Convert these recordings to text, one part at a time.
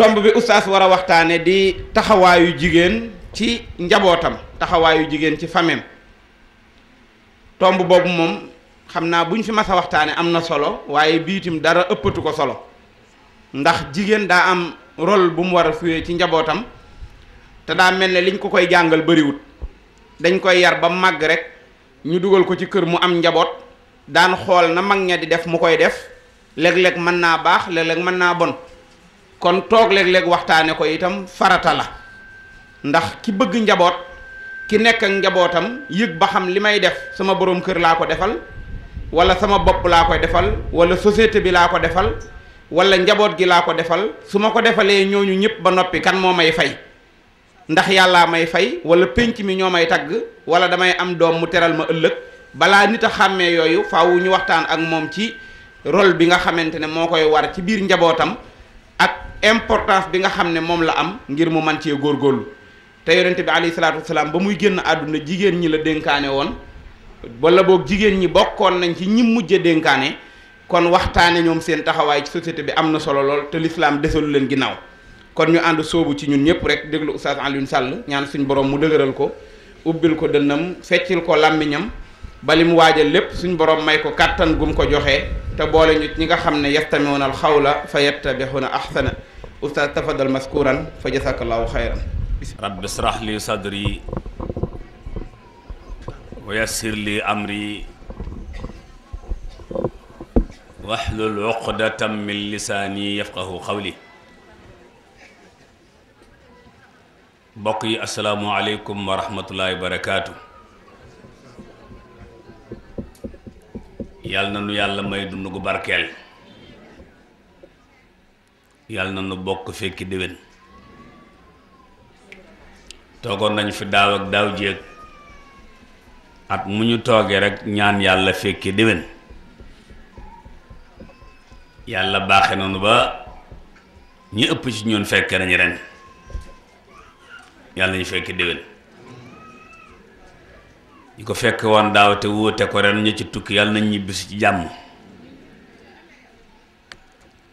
tomb bi oustaz wara waxtane di taxawayu jigen ci njabotam taxawayu jigen ci famem tomb bobu mom xamna buñ fi massa waxtane amna solo waaye biitim dara eppatu ko solo ndax jigen da am rôle bu mu wara fuyé ci njabotam te da melni liñ ko koy bari wut dañ koy yar ba mag rek ñu duggal ko ci kër mu am njabot daan xol na mag di def mu koy def leg leg man na bax leg leg man na bon kon toog léeg-léeg waxtaane ko itam farata la ndax ki bëgg njaboot ki nekk njabootam yëg ba xam li may def sama borom kër laa ko defal wala sama bopp laa koy defal wala société bi laa ko defal wala njaboot gi laa ko defal su ma ko defalee ñooñu ñëpp ba noppi kan moo may fay ndax yàllaa may fay wala pénc mi ñoo may tagg wala damay am doom mu teral ma ëllëg balaa nit a xàmmee yooyu faaw ñu waxtaan ak moom ci rôle bi nga xamante ne moo koy war ci biir njabootam ak importance bi nga xam ne moom la am ngir mu man cee góorgóorlu te yonente bi alayhi salaatu ba muy génn àdduna jigéen ñi la dénkaane woon wala boog jigéen ñi bokkoon nañ ci ñi mujje dénkaane kon waxtaane ñoom seen taxawaay ci société bi am na solo lool te lislaam desalu leen ginnaaw kon ñu ànd soobu ci ñun ñëpp rek déglu Oustaz Alioune Sall ñaan suñ borom mu dëgëral ko ubbil ko dënnam feccil ko làmmiñam balim li lépp suñ borom may ko katan gum ko joxe te boole ñut ñi nga xamné ne al khawla fayattabihuna ahsana ustaas tafadal maskuran fa jasakallahu xayran rabbi israh li sadri wa yassir li amri wahlul uqdatam min lisaani yafqahu qawli mbokk yi asalaamualeykum wa rahmatullahi wa yàlla na nu yàlla may dund gu barkeel yàlla na nu bokk fekki déwén toogoon nañ fi daaw ak daaw jéeg at mu ñu toogee rekk ñaan yàlla fekki déwén yàlla baaxe nañu ba ñi ëpp ci ñun fekke nañu ren yàlla ñu fekki déwén ñi ko fekk woon daaw te wóote ko ren ña ci tukki yàlla nañ ñibbisi ci jàmm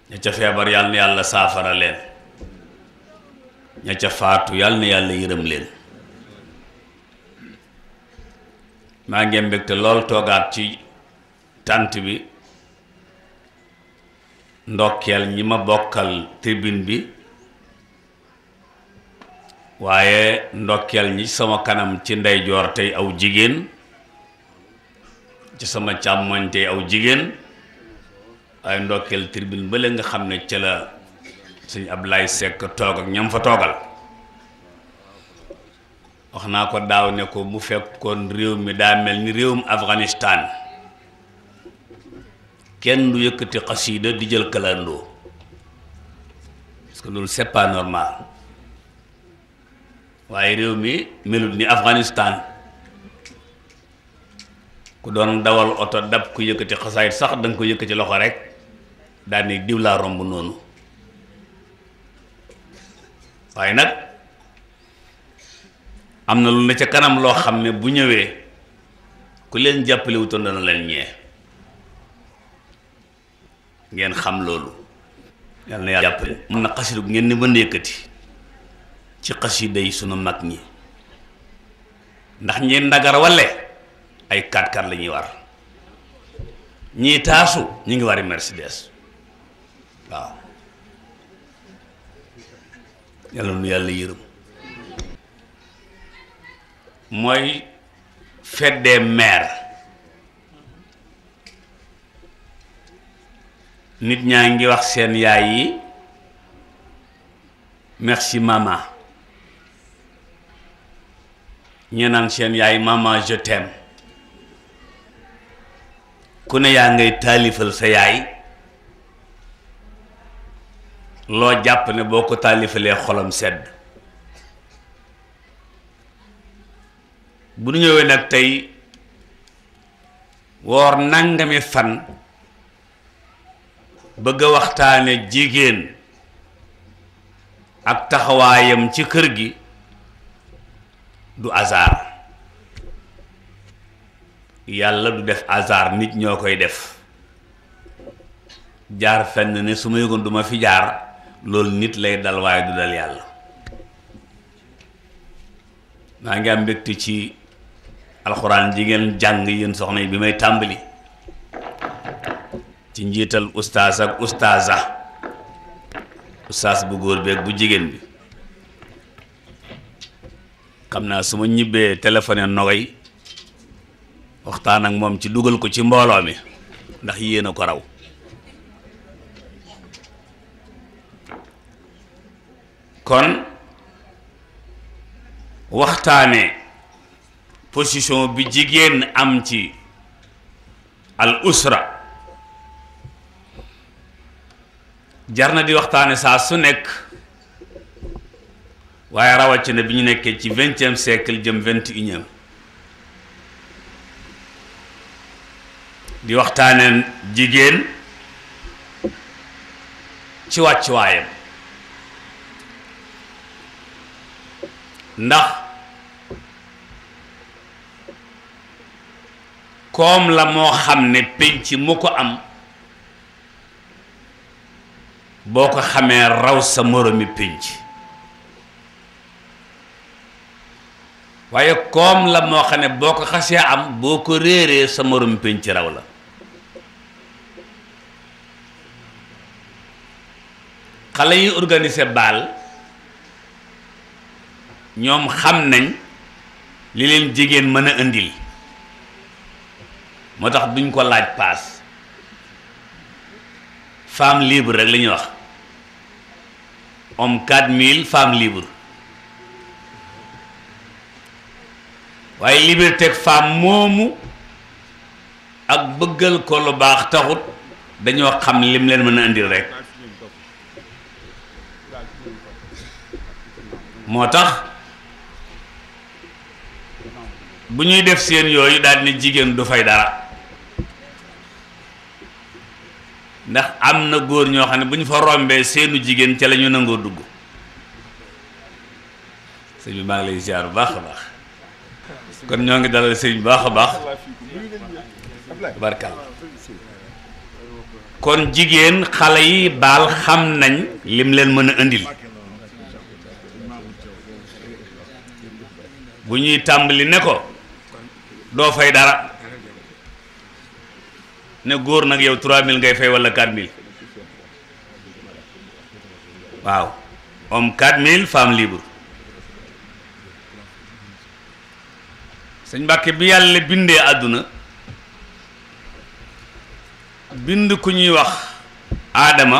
ña ca feebar yàlla yàlla saafara leen ña ca faatu yàlla na yàlla yërëm leen maa ngi mbégte lool toogaat ci tànt bi ndokkeel ñi ma bokkal tribune bi waye ndokkel ñi sama kanam ci jor tay aw jigen ci sama chamante aw jigen ay ndokkel tribune bële nga xamne ci la seigne Ablaye sek tok ak ñam fa togal waxna ko daw ne ko fek kon rew mi da melni ni Afghanistan kenn du yëkkati qasida di jël kalando parce que lool c'est pas normal waye rew mi melut ni Afghanistan ku don dawal auto dab ku yëkkati xasaayit sax dang ko yëkkati loxo rek daal ni diw la rombu nonu waye nak amna lu ne ci kanam lo xamne ne bu ñëwee ku leen jàppale wutoon leen ñé ngeen xam lolu yalla na ngeen ni mën ci xasida yi sunu mag ñi ndax ñi ndagar ay kaat-kaat la war ñii taasu ñu ngi wari Mercedes waaw yàlla nu yàlla yërëm mooy fête des mères nit ñaa ngi wax seen yaay yi merci maman ñee naan seen yaay maman je t'aime ku ne yaa ngay taalifal sa yaay loo jàpp ne boo ko taalifalee xolam sedd bu ñu ñëwee nag tey woor nangami fan bëgg a waxtaane jigéen ak taxawaayam ci kër gi du hasard yàlla du def hasard nit ñoo koy def jaar fenn ne su ma yëgoon du fi jaar loolu nit lay dal waaye du dal yàlla maa ngi am mbégte ci alxuraan ji jàng yéen soxna yi bi may tàmbali ci njiital ustaas ak ustaasa ustaas bu góor beeg bu jigéen bi xam naa su ma ñibbee téléphoné Nogay waxtaan ak moom ci dugal ko ci mbooloo mi ndax yéen a ko raw kon waxtaane position bi jigéen am ci al usra jar na di waxtaane saa su nekk waaye rawatina bi ñu nekkee ci vingtième siècle jëm vingt et di waxtaaneen jigéen ci wàccuwaayam ndax koom la moo xam ne penc mu ko am boo ko xamee raw sa moromi penc waye kom la mo xane boko xasse am boko rere sa morum penc raw la xale yi organiser bal ñom xam nañ li leen jigen meuna andil motax duñ ko laaj pass femme libre rek lañ wax homme 4000 femme libre waaye liberté ak femme moomu ak bëggal ko lu baax taxut dañoo xam lim leen mën a indil rek moo tax bu ñuy def seen yooyu daal ne jigéen du fay dara ndax am na góor ñoo xam ne bu ñu fa rombee seenu jigéen ca lañu nangoo dugg sëñ bi maa lay ziar bu baax a baax kon ñoo ngi dalal sëriñ baax a baax barkal kon jigéen xale yi baal xam nañ lim leen mën a indil bu ñuy tàmbali ne ko doo fay dara ne góor nag yow 3000 ngay fay wala 4000 waaw homme 4000 femme libre sëñ Mbàkke bi yàlla bindee àdduna bind ku ñuy wax aadama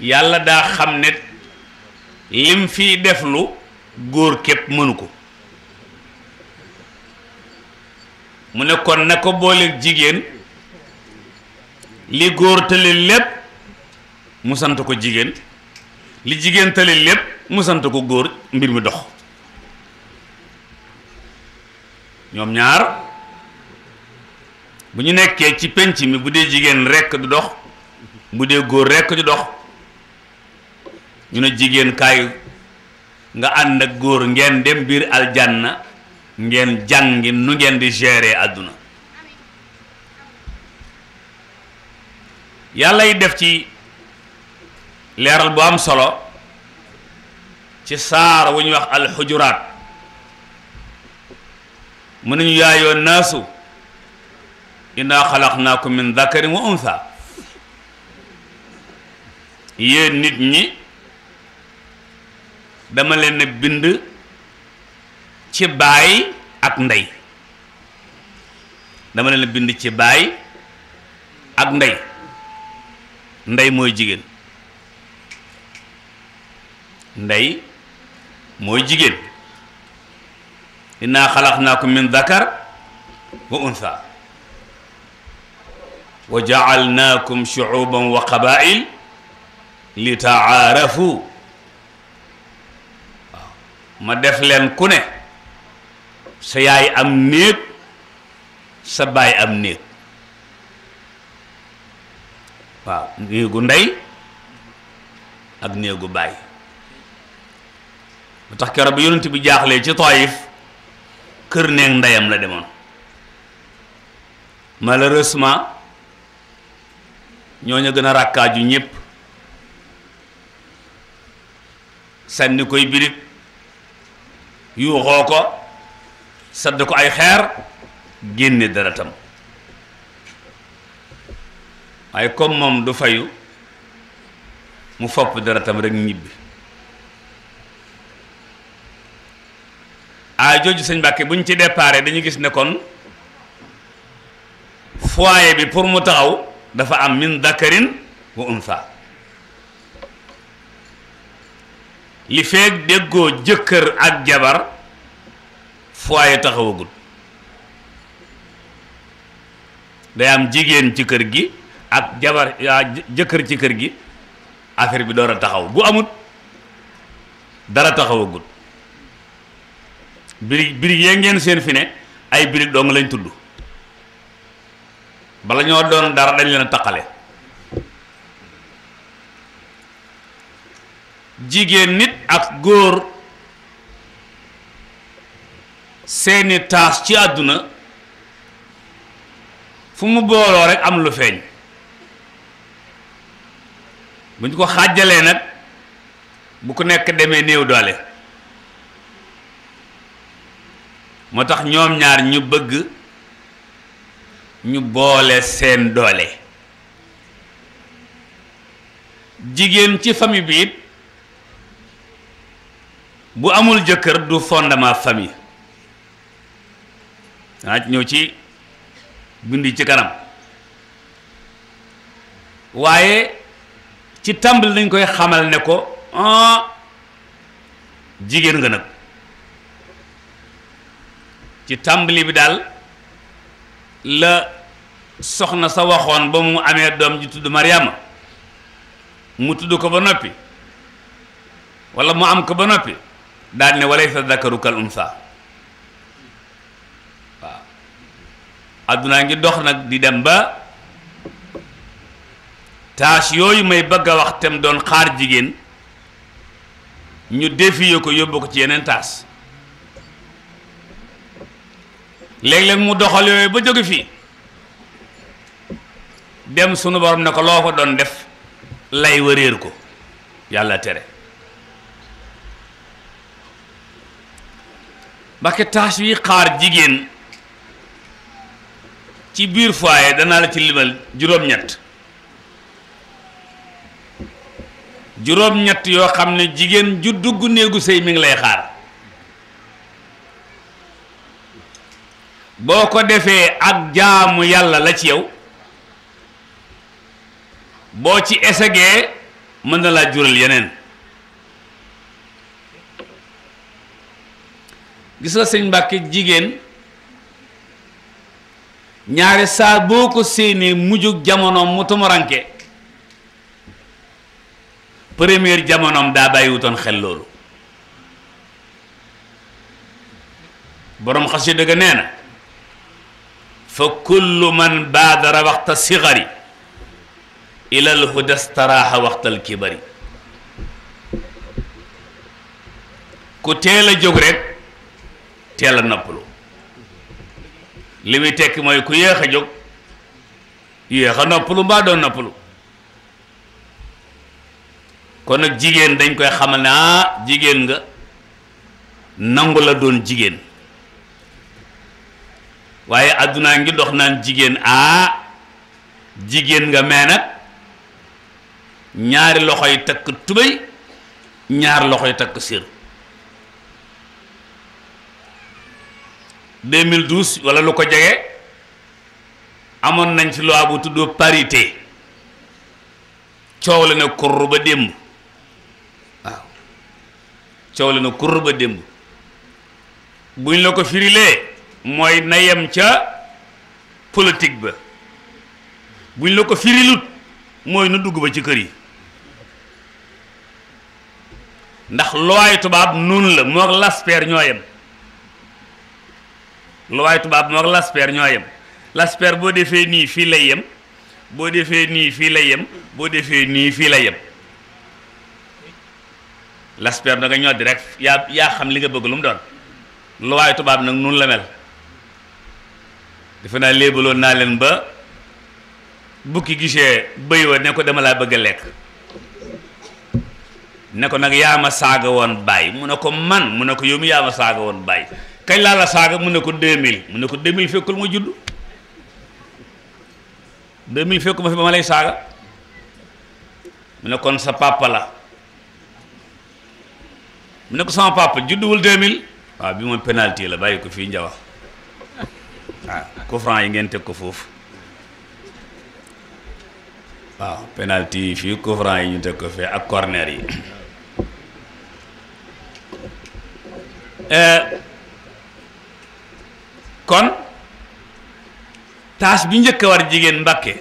yàlla daa xam ne lim fiy deflu góor képp mënu ko mu ne kon na ko booleek jigéen li góor tële lépp mu ko jigéen li jigéen tële lépp mu ko góor mbir mi dox ñoom ñaar bu ñu nekkee ci penc mi bu dee jigéen rekk du dox bu dee góor rekk du dox ñu ne jigéen kaay nga ànd ak góor ngeen dem biir aljanna ngeen jàngi nu ngeen di gérer àdduna yàlla yi def ci leeral bu am solo ci saar wu ñuy wax alxujuraat mu ne ñu yaayoo naasu innaa xalaqnaakum min dakarin wa unsa yéen nit ñi dama leen bind ci baay ak ndey dama leen bind ci baay ak ndey ndey mooy jigéen ndey mooy jigéen إنا خلقناكم من ذكر وأنثى وجعلناكم شعوبا وقبائل لتعارفوا آه. ما داف لين كوني سياي ام نيت سباي ام نيت با آه. نيغو نداي اك نيغو باي متاخ كرب يونت بي جاخلي سي طائف kër neeg ndeyam la demoon malheureusement ñooñu gën a rakkaaju ñépp sànni koy birib yuuxoo ko sadd ko ay xeer génne daratam waaye comme moom du fayu mu fopp daratam rekk ñibbi a jooju sëñ Mbàkke bu ñu ci déparé dañu gis ne kon foyer bi pour mu taxaw dafa am min dakarin wa unsa li feeg déggoo jëkkër ak jabar foyer taxawagul day am jigéen ci kër gi ak jabar jëkkër ci kër gi affaire bi door a taxaw bu amut dara taxawagul birig birig yee ngeen seen fi ne ay birig dong lañ tudd bala ñoo doon dara dañ leen a taqale jigéen nit ak góor seeni taas ci àdduna fu mu booloo rekk am lu feeñ bu ñu ko xàjjalee nag bu ko nekk demee néew doole moo tax ñoom ñaar ñu bëgg ñu boole seen doole jigéen ci famille bi it bu amul jëkkër du fondement famille ah ñëw ci bindi ci kanam waaye ci tàmbali lañ koy xamal ne ko ah jigéen nga nag ci tàmbali bi daal la soxna sa waxoon ba mu amee doom ji tudd Mariama mu tudd ko ba noppi walla mu am ko ba noppi daal ne walaysa dakaru kal unsa waaw addunaa ngi dox nag di dem ba tâche yooyu may bëgg a wax tem doon xaar jigéen ñu défiye ko yóbbu ko ci yeneen taas léeg-léeg mu doxal yooyu ba jóge fii dem sunu borom ne ko loo ko doon def lay wëréer ko yàlla tere mbake taas wi xaar jigéen ci biir foyer danaa la ci limal juróom-ñett juróom-ñett yoo xam ne jigéen ju dugg néegu sëy mi ngi lay xaar boo ko defee ak jaamu yàlla la ci yow boo ci esegee mën na laa jural yeneen gis nga sëñ Mbàkke jigéen ñaari saa boo ko séenee mujjug jamonoom mu tumuranke première jamonoom daa bàyyiwutoon xel loolu boroom xasida ga nee na fa kullu man baadara waxta sigari ilal huda staraaxa waxtal kibari ku teel a jóg rekk teel a noppalu li muy tekki mooy ku yéex a jóg yéex a noppalu mbaa doon noppalu kon nag jigéen dañ koy xamal ne ah jigéen nga nangu la doon jigéen waaye àddunaa ngi dox naan jigéen ah jigéen nga mee nag ñaari loxo loxoy takk tubéy ñaar loxoy takk sér 2012 wala lu ko jege amoon nañ ci loi bu tuddoo parité coow la ne kurr ba démb waaw coow la kurr ba démb buñ la ko firilee moy nayam ca politique ba buñ la ko firilut moy na dugg ba ci kër yi ndax looy tubaab nun la moog lasper ñoyam loi looy tubaab moog lasper ñoyam lasper bo defé ni fi lay yam bo defé ni fi lay yam bo defé ni fi lay yam lasper da nga ñoo rek xam li nga bëgg lu mu doon tubaab nak nun la mel defe naa léebaloon naa leen ba bukki gisee bëy wa ne ko dama laa bëgg a lekk ne ko nag yaa ma saaga woon bàyyi mu ne ko man mu ne ko yow mi yaa ma saaga woon bàyyi kañ laa la saaga mu ne ko 2000 mu ne ko 2000 fekkul ma judd 2000 fekku ma fi ba ma lay saaga mu ne kon sa papa la mu ne ko sama papa judduwul 2000 waaw bi moom penalty la bàyyi ko fii njawa ah coups yi ngeen foofu waaw penalti yi fii coups yi ñu teg ko fee ak corner yi eh, kon tas bi njëkk war jigéen mbàkke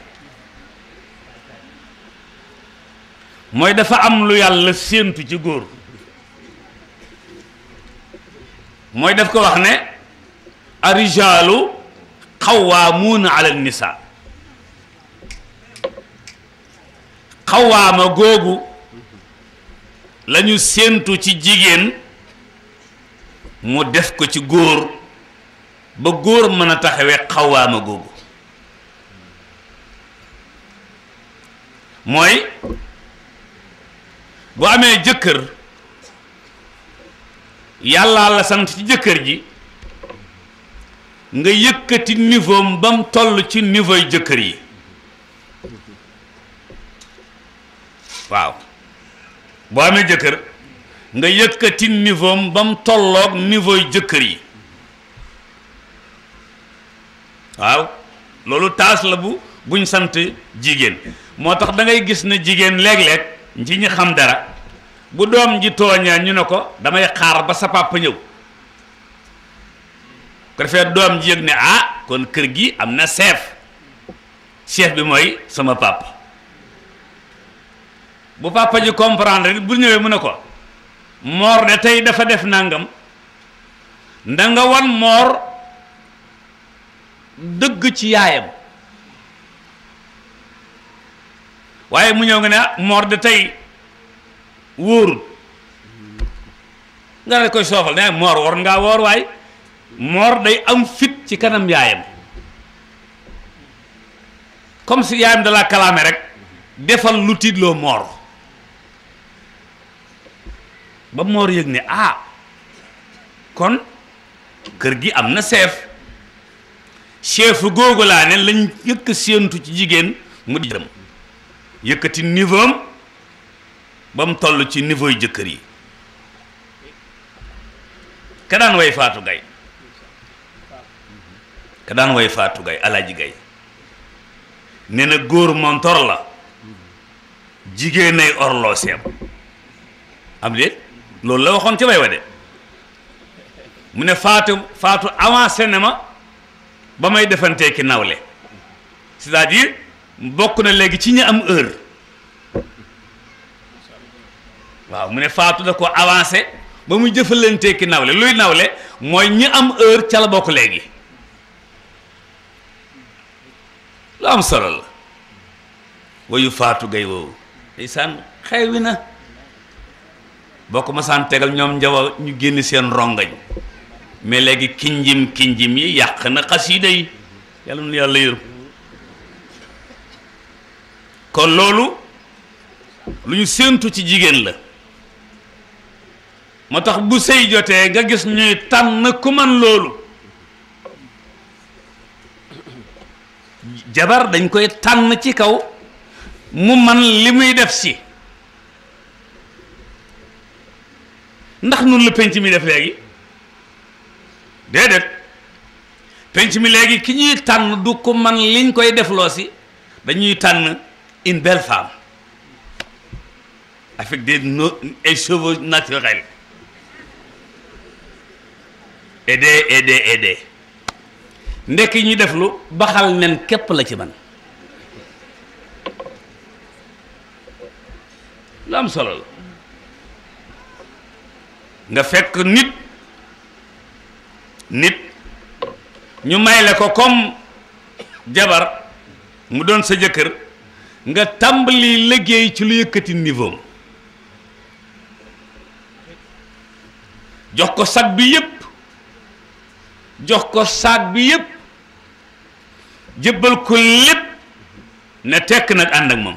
mooy dafa am lu yàlla séentu ci góor mooy daf ko wax ne arijaalu xawaamuuna alal nisaa xawaama googu lañu séentu ci jigéen mu def ko ci góor ba góor mën a taxawee xawaama googu mooy bu amee jëkkër yàllaa la sant ci jëkkër ji nga yëkkati niveau am ba ci niveau jëkkër yi waaw boo amee jëkkër nga yëkkati niveau am ba mu tolloog niveau jëkkër yi waaw loolu taas la bu buñ sant jigéen moo tax dangay gis ne jigéen léeg-léeg ci ñi xam dara bu doom ji tooñaa ñu ne ko damay xaar ba sa papa ñëw ko defee doom ji ne ah kon keur gi am na chef chef bi moy sama papa bu papa ji comprendre bu ñewé mu ne ko de tay dafa def nangam ndanga wan mor deug ci yaayam waye mu ñew nga ne de tay wóorul nga ne koy soofal ne mor wor nga wor waye moor day am fit ci kanam yaayam comme si yaayam dalaa kalaame rek defal lu tiitloo moor ba moor yëg ne ah kon kër gi am na chef chef googu laa ne lañ yëkk séentu ci jigéen mu di yëkkati niveau ba mu toll ci niveau jëkkër yi ka daan way faatu gay ka daan woy Fatou Gaye Alaaji Gaye nee na góor montor la jigéen ay orloo seem am déet loolu la waxoon ci way wa de mu ne faatu faatu avancé na ma ba may defantee ki nawle c'est-à-dire bokk na léegi ci ñu am heure waaw mu ne faatu da ko avancé ba mu jëfalantee ki nawle luy nawle mooy ñi am heure ca la bokk léegi lu am solo la wayu faatu gay woowu ndeysaan xewi na boo ko masaan tegal ñoom njawa ñu génn seen rongañ mais léegi kinjim kinjim yi yàq na xasiida yi yàlla nu yàlla yërëm kon loolu lu ñu séentu ci jigéen la moo tax bu sëy jotee nga gis ñuy tànn ku man loolu jabar dañ koy tànn ci kaw mu man li muy def si ndax nun la penc mi def léegi déedéet penc mi léegi ki ñuy tànn du ko man liñ koy defloo si dañuy tànn une belle femme avec des no et cheveux naturels aidé aidé aidé ndekk yi ñuy def lu baxal nen képp la ci man lu am solo la nga fekk nit nit ñu may la ko comme jabar mu doon sa jëkkër nga tàmbali liggéey ci lu yëkkati niveau jox ko sag bi yëpp jox ko saag bi yëpp jébbal ko lépp ne tekk nag ànd ak moom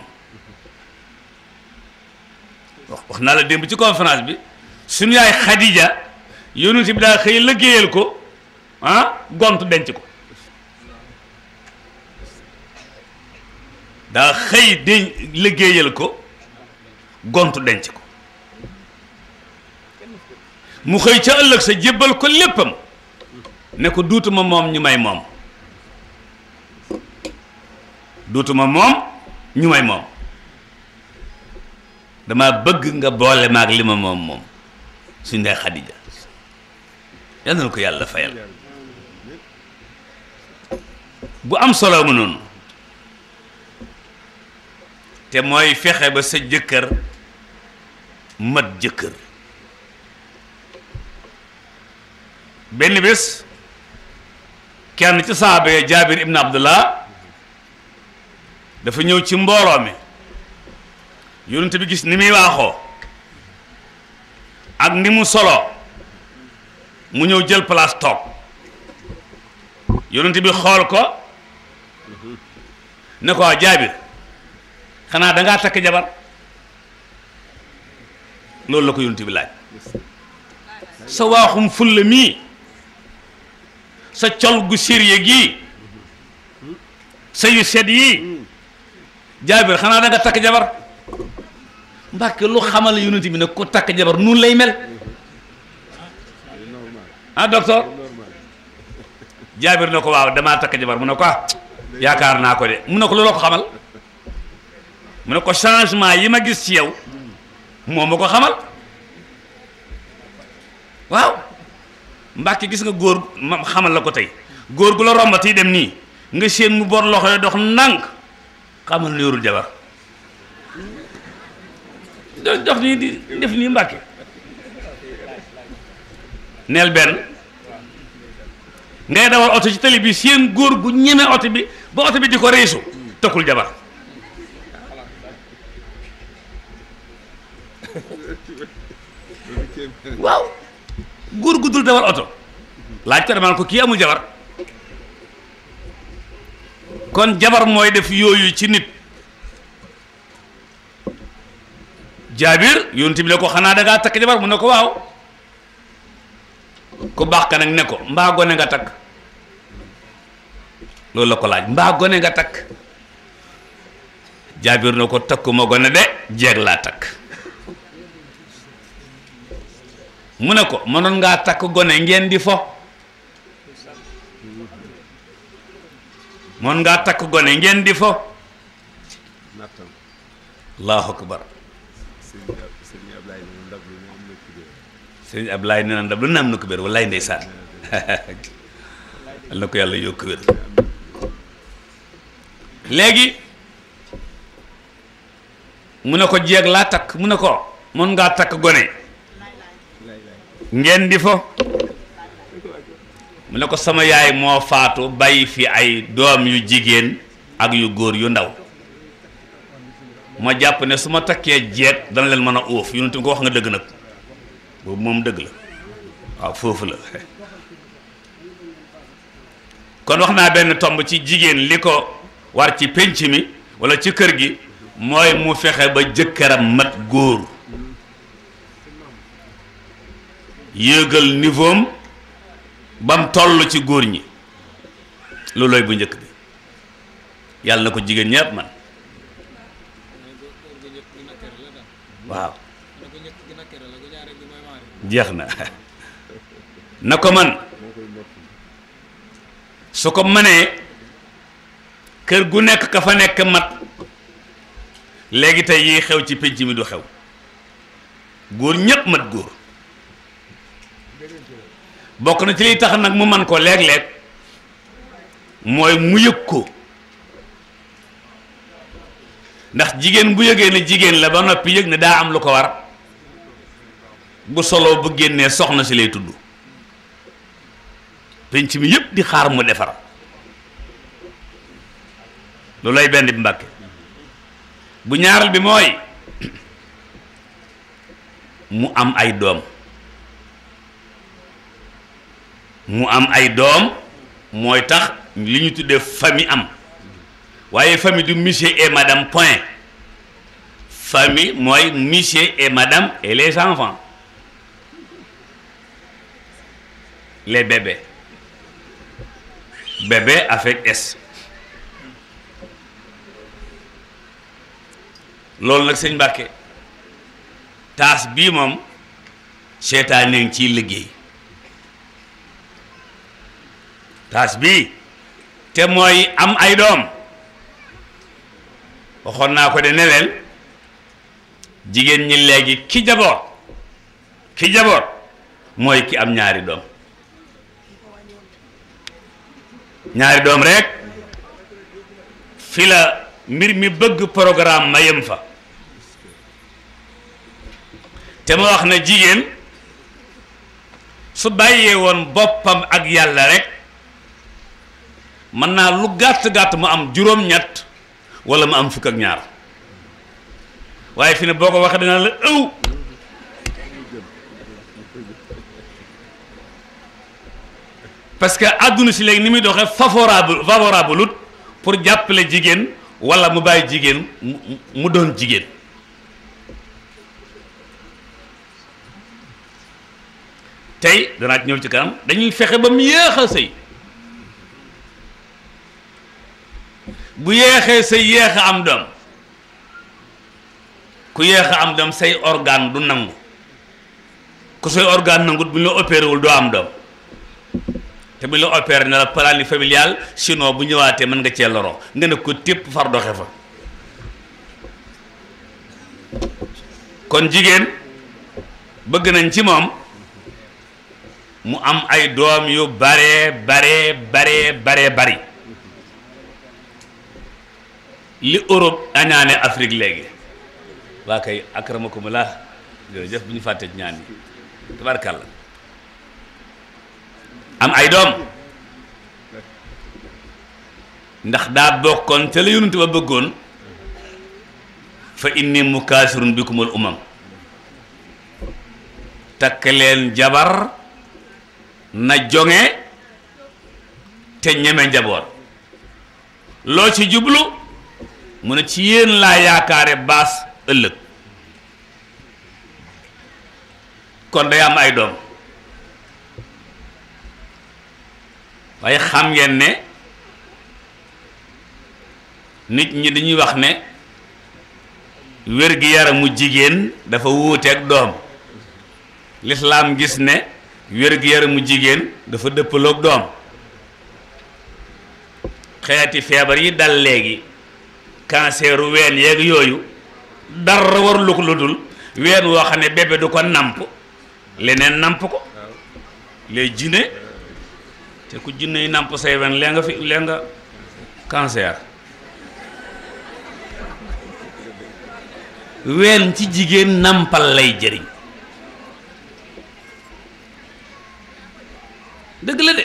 wax wax la dem ci conférence bi suñu yaay Khadija yunus ibda khay xëy liggéeyal ko ah gont denc ko da khay deñ liggéeyal ko gont denc ko mu xëy ci ëlëk sa jébbal ko léppam ne ko duutuma moom ñu may moom duutuma moom ñu may moom dama bëgg nga boole maag li ma moom moom suñ ndey xadija yal na ko yàlla fayal bu am solo mu noonu te mooy fexe ba sa jëkkër mat jëkkër benn bés kenn ca saaba ya jaabir ibn abdullah dafa ñëw ci mbooloo mi yonent bi gis ni muy waaxoo ak ni mu solo mu ñëw jël place toog yonent bi xool ko ne ko jaabir xanaa dangaa ngaa takk jabar loolu la ko yonent bi laaj sa waaxum fulla mii sa col gu sérieux gii sa yu set yii jaabir xanaa da takk jabar mbàkke lu xamal yonent bi nag ko takk jabar nun lay mel ah docteur jaabir ne ko waaw damaa takk jabar mu ne ko ah yaakaar naa ko de mu ne ko looloo ko xamal mu ne ko changement yi ma gis ci yow moom ma ko xamal waaw mbàkke gis nga góor ma xamal la ko tey góor gu la romb tey dem nii nga séen mu bor loxo yi dox ndànk xamoon lu yorul jabar doon dox nii di def nii mbàkke neel benn ngay dawal oto ci tali góor gu ñeme oto bi ba oto bi di ko reesu takkul jabar waaw góor gu dul dawal oto laaj ko ko kii amul jabar kon jabar mooy def yooyu ci nit jaabir yoon bi ne ko xanaa dangaa takk jabar mu ne ko waaw ku baax ka nag ne ko mbaa gone nga takk loolu la ko laaj mbaa gone nga takk jaabir na ko takkuma gone de jeeg laa takk mu ne ko mënoon ngaa takk gone ngeen di fo moon ngaa takk gone ngeen di fo allahu akbar sëñ Ablaye nee na ndab lu ne am na ko bér wallaay ndeysaan al na ko yàlla yokk wér léegi mu ne ko jeeg laa takk mu ne ko mën ngaa takk gone ngeen di fo mu ne ko sama yaay moo faatu bàyyi fi ay doom yu jigéen ak yu góor yu ndaw ma jàpp ne su ma takkee jeet dana leen mën a óof yu ne ko wax nga dëgg nag boobu moom dëgg la waaw foofu la kon wax naa benn tomb ci jigéen li ko war ci pénc mi walla ci kër gi mooy mu fexe ba jëkkëram mat góor yéegal niveau bam toll ci góor ñi loolooy bu njëkk bi yàlla na ko jigéen ñépp man waaw jeex na na ko man su ko manee kër gu nekk ka fa nekk mat léegi tey yi xew ci pénc mi du xew góor ñépp mat góor bok na ci li tax nak mu man ko leg leg moy mu yek ko ndax jigen bu yegge ne jigen la ba nopi yek ne da am lu ko war bu solo bu soxna ci lay tuddu penc mi yep di xaar mu defar lu lay benn bi bu ñaaral bi moy mu am ay dom mu am ay doom moy tax famille am famille monsieur et madame point famille moy monsieur et madame et les enfants les bébés bébé avec S loolu nak sëñ mbacké tas c'est mom taas bii te mooy am ay doom waxoon naa ko de ne leen jigéen ñi léegi ki jaboot ki jaboot mooy ki am ñaari doom ñaari doom rek fi la mbir mi bëgg programme ma yem fa te ma wax na jigéen su bàyyee woon boppam ak yàlla rek mën naa lu gàtt-gàtt mu am juróom-ñett wala mu am fukk ak ñaar waaye fi ne boo ko waxee dana la ëw parce que àdduna si léegi ni muy doxee favorable favorable lut pour jàppale jigéen wala mu bàyyi jigéen mu doon jigéen tey danaa ñëw ci kanam dañuy fexe ba mu yéex sëy bu yéexee say yéex a am doom ku yéex a am doom say organe du nangu ku say organ nangut bu ñu la opéré wul doo am doom te bu ñu la opéré ne la planning familial sinon bu ñëwaatee mën nga cee loro nga ne ko tépp far doxe fa kon jigéen bëgg nañ ci moom mu am ay doom yu bare bare bare bare bari li Europe añaane Afrique léegi waa kay akramakumullah jërëjëf bu ñu fàtte ñaan am ay doom ndax daa bokkoon te la yonent ba bëggoon fa inni mukaasirun bikumul umam takk leen jabar na jonge te ñeme njaboot loo ci jublu Ya mu ne ci yéen laa yaakaare baas ëllëg kon day am ay doom waaye xam ngeen ne nit ñi dañuy wax ne wér gi yaramu jigéen dafa wuuteeg doom lislaam gis ne wér gi yaramu jigéen dafa dëppaloog doom xeeti feebar yi dal léegi kanseru wen yeg yoyu dar war lu ko wen wo ween bebe du ko namp lenen namp ko le jine te ku jine namp say wen lee nga fi lee nga ci jigen nampal lay jeri deug la de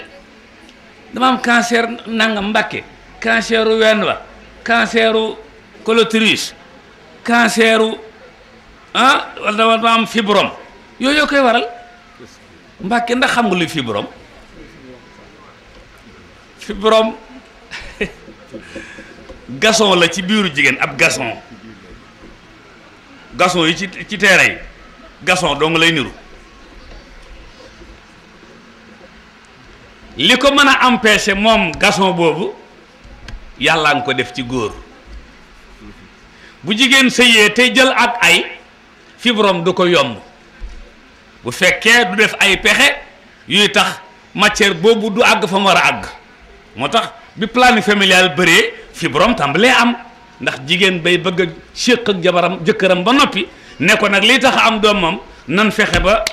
dama am cancer nangam mbàkke kanseru wen wa canceru colotrice canceru ah wala ma am fibrom yooyu yoo koy waral Mbàkke ndax xam nga luy fibrom fibrom gason la ci biiru jigéen ab gason gason yi ci ci terrain yi gason doo nga lay niru li ko mën a empêcher moom gason boobu yàllaa nga ko def ci góor bu jigéen sëyee tey jël ak ay fibrom du ko yomb bu fekkee du def ay pexe yuy tax matière boobu du àgg fa mu war a àgg moo tax bi planning familial bëree fibrom tàmbalee am ndax jigéen bay bëgg a séq ak jabaram jëkkëram ba noppi ne nag liy tax am doomam nan fexe ba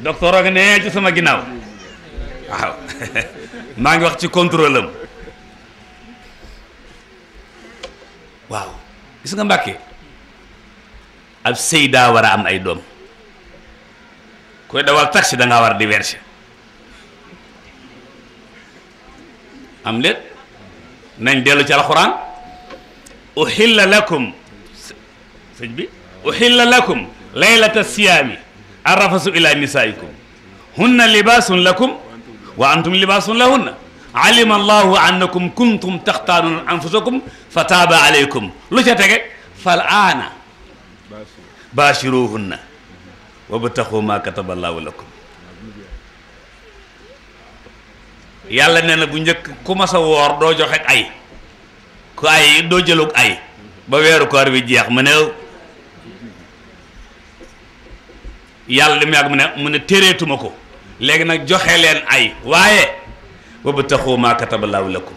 docteur nga nee ci sama ginnaaw maa ngi wax ci contrôle am waaw gis nga mbàkke ab sëy war a am ay doom koy dawal taxi da ngaa war di verser am léet nañ dellu ci alxuraan uhilla lakum sëñ bi uhilla lakum laylata siyaami الرفث إلى نسائكم هن لباس لكم وأنتم لباس لهن علم الله أنكم كنتم تختارون أنفسكم فتاب عليكم لجتك فالآن باشروهن وابتغوا ما كتب الله لكم يا nee na bu njëkk ku mas a woor doo أي ay ku ay doo jëlug ay ba yàlla li mu yàgg mu ne mu ne téreetuma ko léegi nag joxe leen ay waaye wabtaxu maa kataballaahu lakum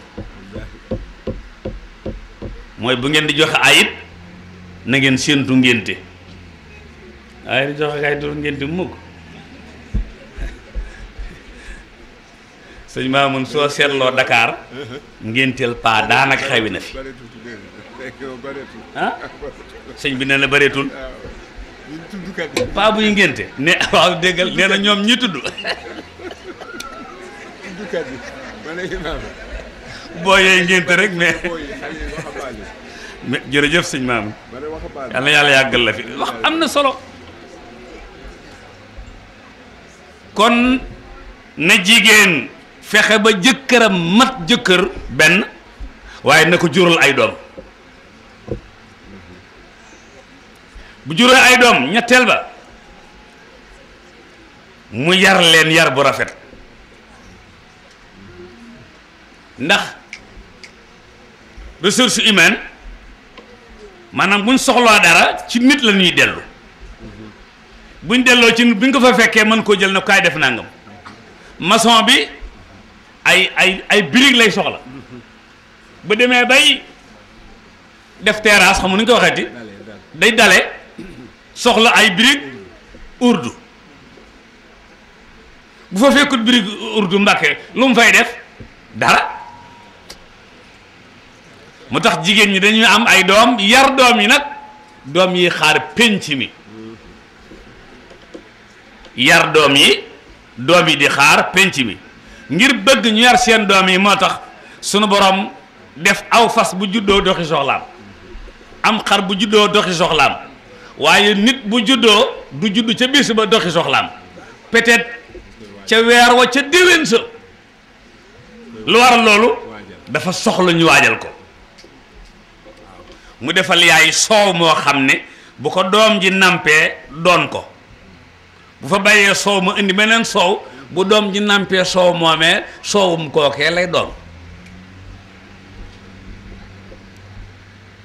mooy bu ngeen di joxe ayit na ngeen séentu ngénte waaye di joxe kay dul ngénte mukk sëñ Maamun soo seetloo Dakar ngénteel paa daanaka xewi na fi ah bi nee na bëreetul ah. Pabu buy gente, ne waaw degal, ne na nyom ñi du. Boye yee rek ne. Jere jef sing mam. yàlla yale yàggal la fi am solo kon ne jigen fexe ba jëkkëram mat jëkkër ben, waaye na jural bu juree ay dom ñettel ba mu yar len yar bu rafet ndax ressource humaine manam buñ soxlo dara ci nit la ñuy delu buñ delo ci buñ ko fa fekke man ko jël na kay def nangam maçon bi ay ay ay brique lay soxla bu bay def terrasse xamu ko waxati day dale soxla ay birig urdu bu fa fekkut brig urdu mbàkke lum mu fay def dara mu tax ñi dañuy am ay dom yar dom yi nag dom yi xaar mi yar dom yi doom yi di xaar mi ngir bëgg ñu yar seen dom yi moo tax borom def aw fas bu juddoo doxi soxlaam am xar bu juddoo doxi soxlaam waaye nit bu juddoo du judd ca bis ba doxi soxlaam peut-être ca weer wa ca déwén sa lu waral loolu dafa soxla ñu waajal ko mu defal yaay soow moo xam ne bu ko doom ji nampee doon ko bu fa bàyyee soow ma indi beneen soow bu doom ji nampee soow moomee soowum kookee lay doon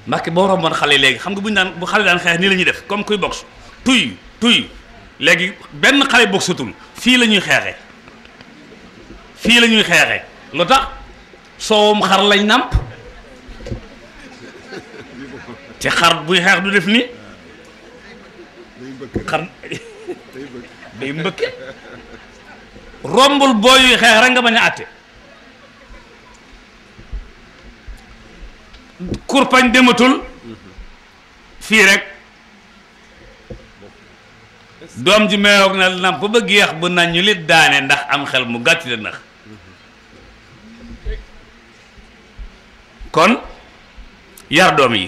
Mbàkke boo romboon xale léegi xam nga bu ñu daan bu xale daan xeex ni la ñuy def comme kuy box tuy tuy léegi benn xale boxatul fii la ñuy xeexee fii la ñuy xeexee lu tax soowum xar lañ nàmp te xar buy xeex du def nii xar day mbëkke rombul booyuy xeex rek nga ba a àtte kurpañ dematul fii rek doom ji meewoog na namp ba geex bu nañ ñu lit daane ndax am xel mu gàtt la nax kon yar doom yi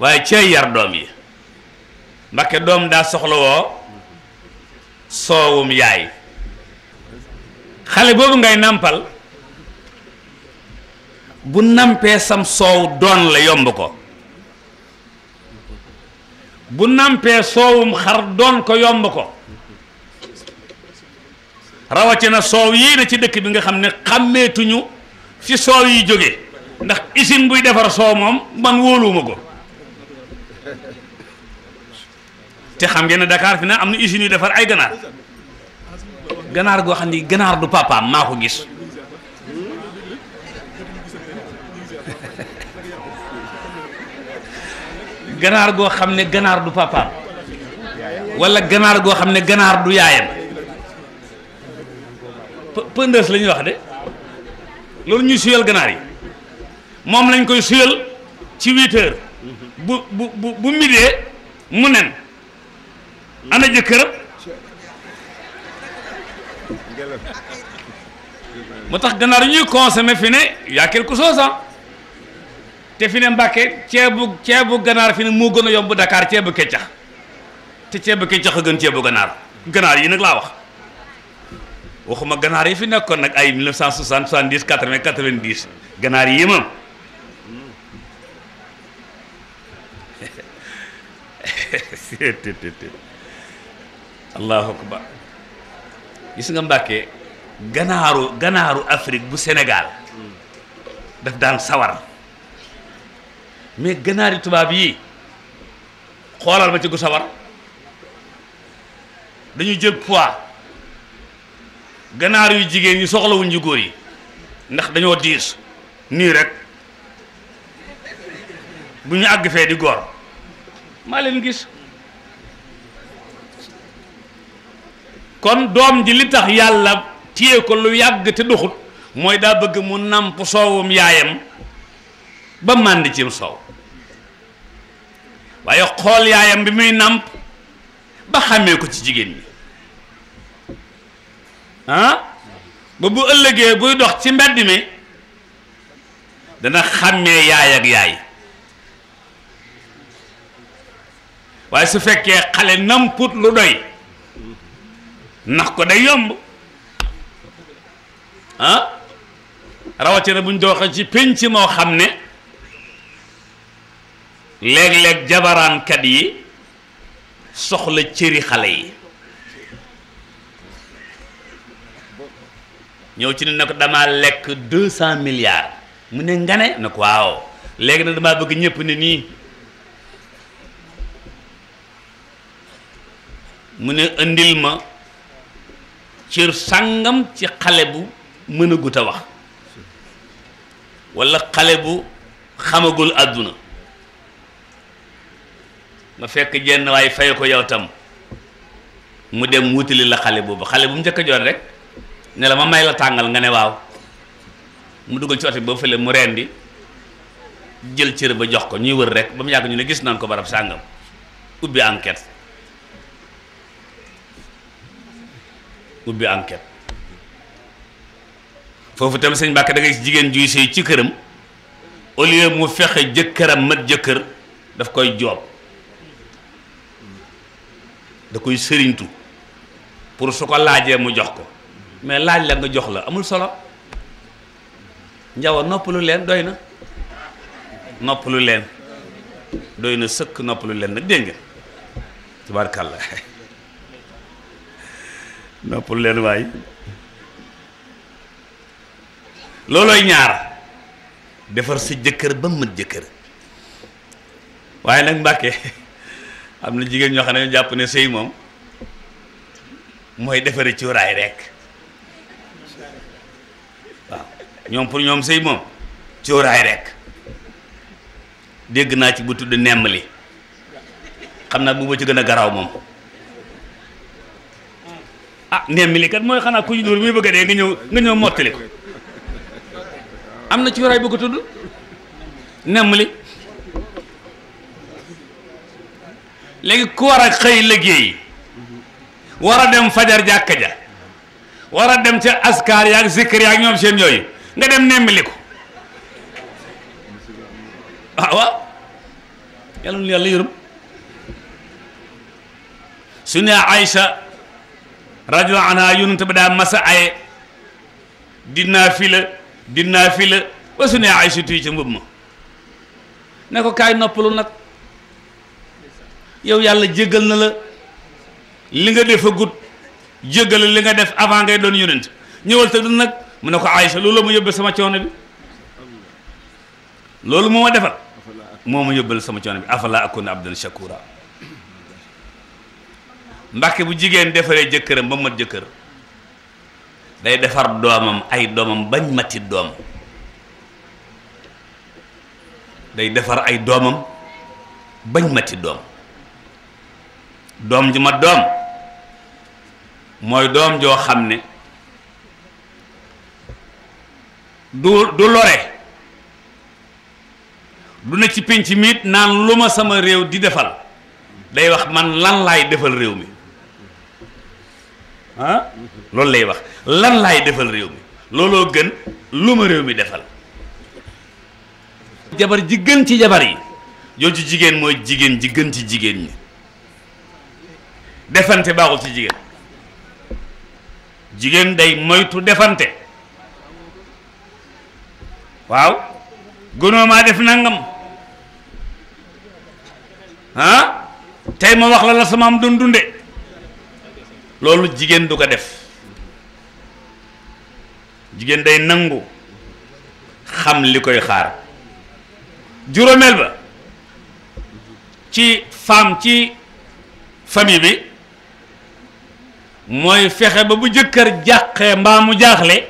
waaye ceey yar doom yi mbakke doom daa soxlawoo soowum yaay xale boobu ngay nàmpal bu nampee sam soow doon la yomb ko bu nampee soowum xar doon ko yomb ko rawatina soow yii na ci dëkk bi nga xam ne xàmmeetuñu ci soow yi jóge ndax usine buy defar soow moom man wóoluwuma ko te xam ngeen ne Dakar fi na am na usine yu defar ay ganaar ganaar goo xam ni ganaar du papaam maa ko gis ganaar goo xam ne ganaar du papaam wala ganaar goo xam ne ganaar du yaayam pëndës lañuy wax de loolu ñuy suyal ganaar yi moom lañ koy suyal ci huit heures bu bu bu bu mu nen ana jëkkëram moo tax ganaar yu ñuy consommer fi ne yaa quelque chose te fi ne Mbàkke ceebu ceebu ganaar fi ne moo gën a yomb Dakar ceebu keccax te ceebu keccax a gën ceebu ganaar ganaar yi nag laa wax waxuma ganaar yi fi nekkoon nag ay 1960 70 80 90 ganaar yi moom allahu akbar gis nga Mbàkke ganaaru ganaaru Afrique bu Sénégal daf daan sawar mais ganaari tubaab yii xoolal ma ci gu sawar dañu jël poids ganaar yu jigéen ñi soxlawuñ yu góor yi ndax dañoo diis nii rek bu ñu àgg fee di góor maa leen gis kon doom di li tax yàlla téye ko lu yàgg te doxut mooy daa bëgg mu nàmp soowum yaayam ba màndi cim soow waaye xool yaayam bi muy nàmp ba xàmmee ko ci jigéen ñi ah? ba bu ëllëgee buy dox ci mbedd mi dana xàmmee yaay ak yaay waaye su fekkee xale namput lu doy ndax ko day yomb ah rawatina buñ doxee ci pénc moo xam ne léeg-léeg jabaraankat yi soxla cëri xale yi ñëw ci ne na ko damaa lekk deux cent mu ne nga ne na ko waaw léegi nag damaa bëgg ñëpp ne nii mu ne indil ma cër sàngam ci xale bu mën a gut wax walla xale bu xamagul àdduna nga fekk jenn waaye fay ko yow tam mu dem wutali la xale boobu xale bu mu njëkk a jot rek ne la ma may la tàngal nga ne waaw mu dugal ci oto ba fële mu rendi jël cër ba jox ko ñuy wër rek ba mu yàgg ñu ne gis nañ ko barab sàngam ubbi enquête ubbi enquête foofu tam sëñ Mbàkke da ngay gis jigéen juy sëy ci këram au lieu mu fexe jëkkëram mat jëkkër daf koy joob da koy sëriñtu pour su ko laajee mu jox ko mais laaj la nga jox la amul solo njawa noppalu leen doy na noppalu leen doy na sëkk noppalu leen nag dégg nga tubaarkàlla leen waay loolooy ñaar defar sa jëkkër ba mët jëkkër waaye nag mbàkke am na jigéen ñoo xam ne jàpp ne sëy moom mooy defare cuuraay rek waaw ñoom pour ñoom sëy moom cuuraay rek dégg naa ci bu tudd nemm li xam naa bu ma ci gën a garaaw moom ah nemm li kat mooy xanaa ku ñu dóor muy bëgg a dee nga ñëw nga ñëw mottali ko am na cuuraay bu ko tudd nemm li léegi ku war a xëy liggéey war a dem fajar jàkka ja war a dem ca askar yaak zikr yaak ñoom seen yooyu nga dem nemmiliku ah waaw yàlla nu yàlla yërëm su ne Aïcha radiyallahu anha yonent bi daa masa aye dinaa fi la dinaa fi la ba su ne Aïcha tuy ca ma ne ko kaay noppalu nag yow yàlla jéggal na la li nga def a gut jéggale li nga def avant ngay doon yonent ñëwal tëdd nag mu ne ko Aïcha loolu la mu yóbbee sama coono bi loolu moo ma defal moo ma yóbbal sama coono bi afala akuna abdan shakura mbàkke bu jigéen defaree jëkkëram ba mat jëkkër day defar doomam ay doomam bañ mati doom day defar ay doomam bañ mati doom doom ji ma doom mooy doom joo xam ne du du lore du na ci pénc miit naan lu ma sama réew di defal day wax man lan laay defal réew mi ah loolu lay wax lan laay defal réew mi looloo gën lu ma réew mi defal jabar ji gën ci jabar yi yow ci jigéen mooy jigéen ji gën ci jigéen ñi defante baaxul ci jigéen jigéen day moytu defante waaw gunóo def nangam ah tey ma wax la la sama am doon dunde loolu jigéen du ko def jigéen day nangu xam li koy xaar juróomeel ba ci femme ci famille bi mooy fexe ba bu jëkkër jàqee mbaa mu jaaxle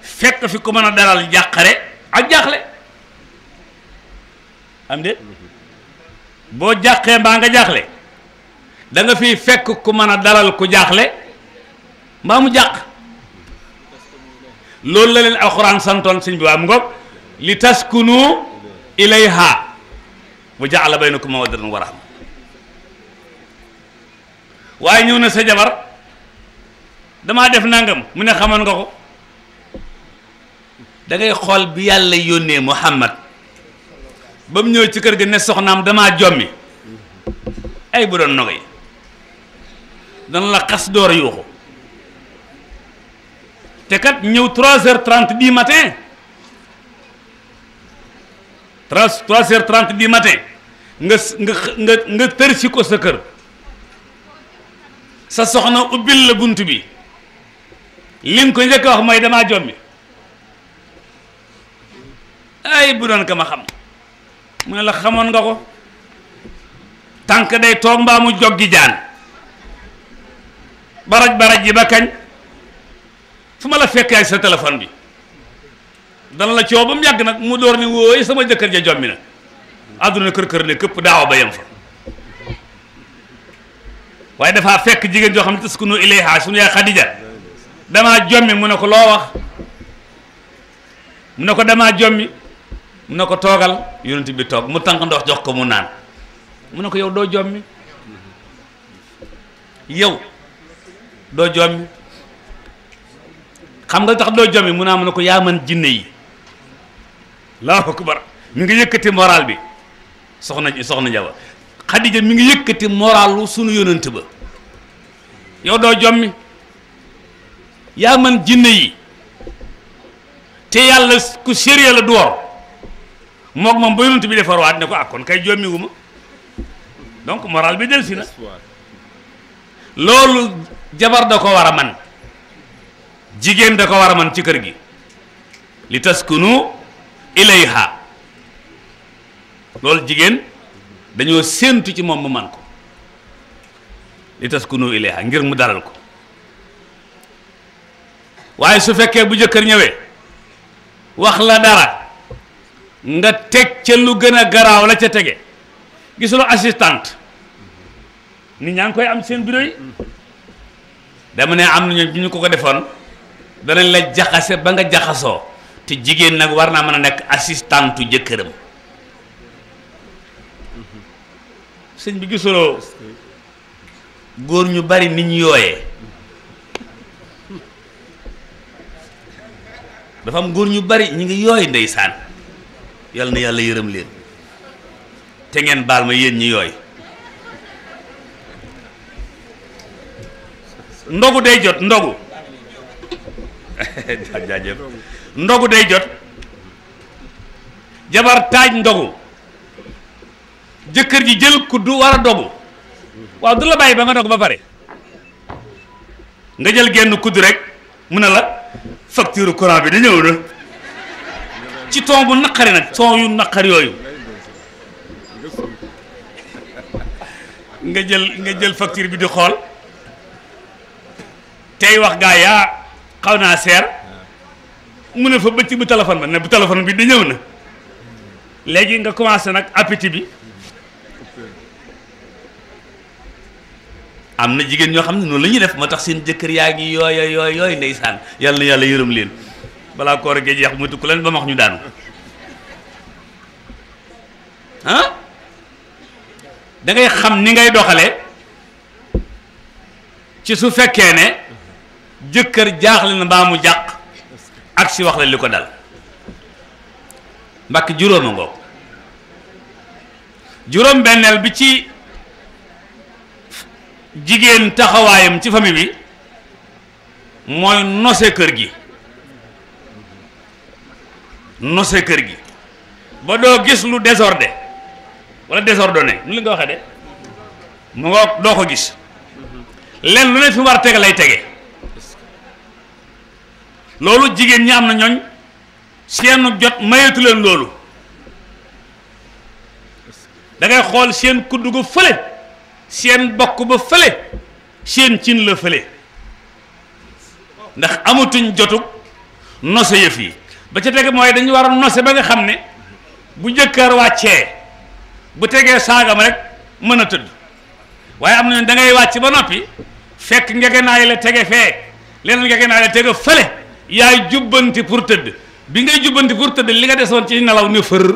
fekk fi ko mën a dalal jàqare ak jaaxle am de boo jàqee mbaa nga jaaxle danga fi fekk ku mën a dalal ku jaaxle mbaa mu jàq loolu la leen alxuraan santoon sëñ bi waa mu ngoog li taskunu ilayha wa jaala baynakum mawaddatan wa rahma waaye ñëw na sa jabar damaa def nangam mu ne xamoon nga ko dangay xool bi yàlla yónnee Muhammad ba mu ñëw ci kër gi ne soxnaam dama jommi ay bu doon nogay dana la xas door yuuxu te kat ñëw 3h30 du matin 3 3 bi 30 matin nga nga nga nga tërsi ko sa kër. sa soxna ubbil la bunt bi li nga ko njëkk a wax mooy damaa jommi ay bu doon ka ma xam mu ne la xamoon nga ko tànk day toog mbaa mu joggi jaan baraj baraj yi ba kañ fu ma la fekk ak sa téléphone bi dana la coow ba mu yàgg nag mu door ni wooy sama jëkkër ja jommi na àdduna kër kër ne këpp daawa ba yem fa waye dafa fekk jigen jo xam tasku taskunu ilayha sunu ya khadija dama jommi munako lo wax munako dama jommi mu togal ko bi tok mu tank ndox jox ko mu nan munako yow do jommi yow do jommi xam nga tax do jommi muna ah, ya man jinne yi allahu akbar mi nga moral bi soxna soxna jaba xadija mi ngi yëkkati moralu sunu yónnante ba yow doo jommi yaa man jinne yi te yàlla ku sérieux la du war mook moom ba yónnante bi defarwaat ne ko ak ah, kon kay jommiwu ma donc moral bi delsi na loolu jabar da ko war a man jigéen da ko war a man ci kër gi li taskunu ilayha loolu jigéen dañoo séentu ci moom mu man ko li taskunu ilayha ngir mu dalal ko waaye su fekkee bu jëkkër ñëwee wax la dara nga teg ca lu gën a garaaw la ca tege gisuloo assistante nit ñaa ngi koy am seen bureau yi dama ne am nañu ñu ko ko defoon danañ la jaxase ba nga jaxasoo te jigéen nag war naa mën a nekk assistantu jëkkëram sëñ bi gisuloo góor ñu bari nit ñu yooyee dafa am góor ñu bari ñu ngi yooy ndeysaan yal na yàlla yërëm leen te ngeen baal ma yéen ñi yooy ndogu day jot ndogu jaajëf ndogu day jot jabar taaj ndogu jëkkër ji jël kuddu war a dogu waaw du la bàyyi ba nga dog ba pare nga jël genn kuddu rek mu ne la facture courant bi da ñëw na ci ton bu naqari nag ton yu naqar yooyu nga jël nga jël facture bi di xool tey wax gaa yaa xaw naa seer mu ne fa bëcc bu téléphone ba ne bu téléphone bi da ñëw na léegi nga commencé nag appétit bi am na jigéen ñoo xam ne noonu la ñuy def moo tax seen jëkkër yaa ngi yooyo yooy yooy ndeysaan yàlla na yàlla yërëm leen balaa koor gee jeex bu ma tukku leen ba ma wax ñu daanu dangay xam ni ngay doxale ci su fekkee ne jëkkër jaaxle na baa mu jàq ak si wax la li ko dal mbakk juróoma ngoog juróom benneel bi ci jigéen taxawaayam ci famille bi mooy nose kër gi nose kër gi ba doo gis lu désordre walla désordonné li nga waxee de mu nga doo ko gis leen lu ne fi war a teg lay tege loolu jigéen ñi am na ñooñ seenu jot mayetu leen loolu dangay xool seen kudd gu fële seen bokk ba fële seen cin la fële ndax amatuñ jotug nose yëf yi ba ca teg mooy dañu war a nose ba nga xam ne bu jëkkër wàccee bu tegee saagam rek mën a tëdd waaye am na dangay wàcc ba noppi fekk ngegenaay la tege fee leneen ngegenaay la tege fële yaay jubbanti pour tëdd bi ngay jubbanti pour tëdd li nga desoon ci nelaw ne fër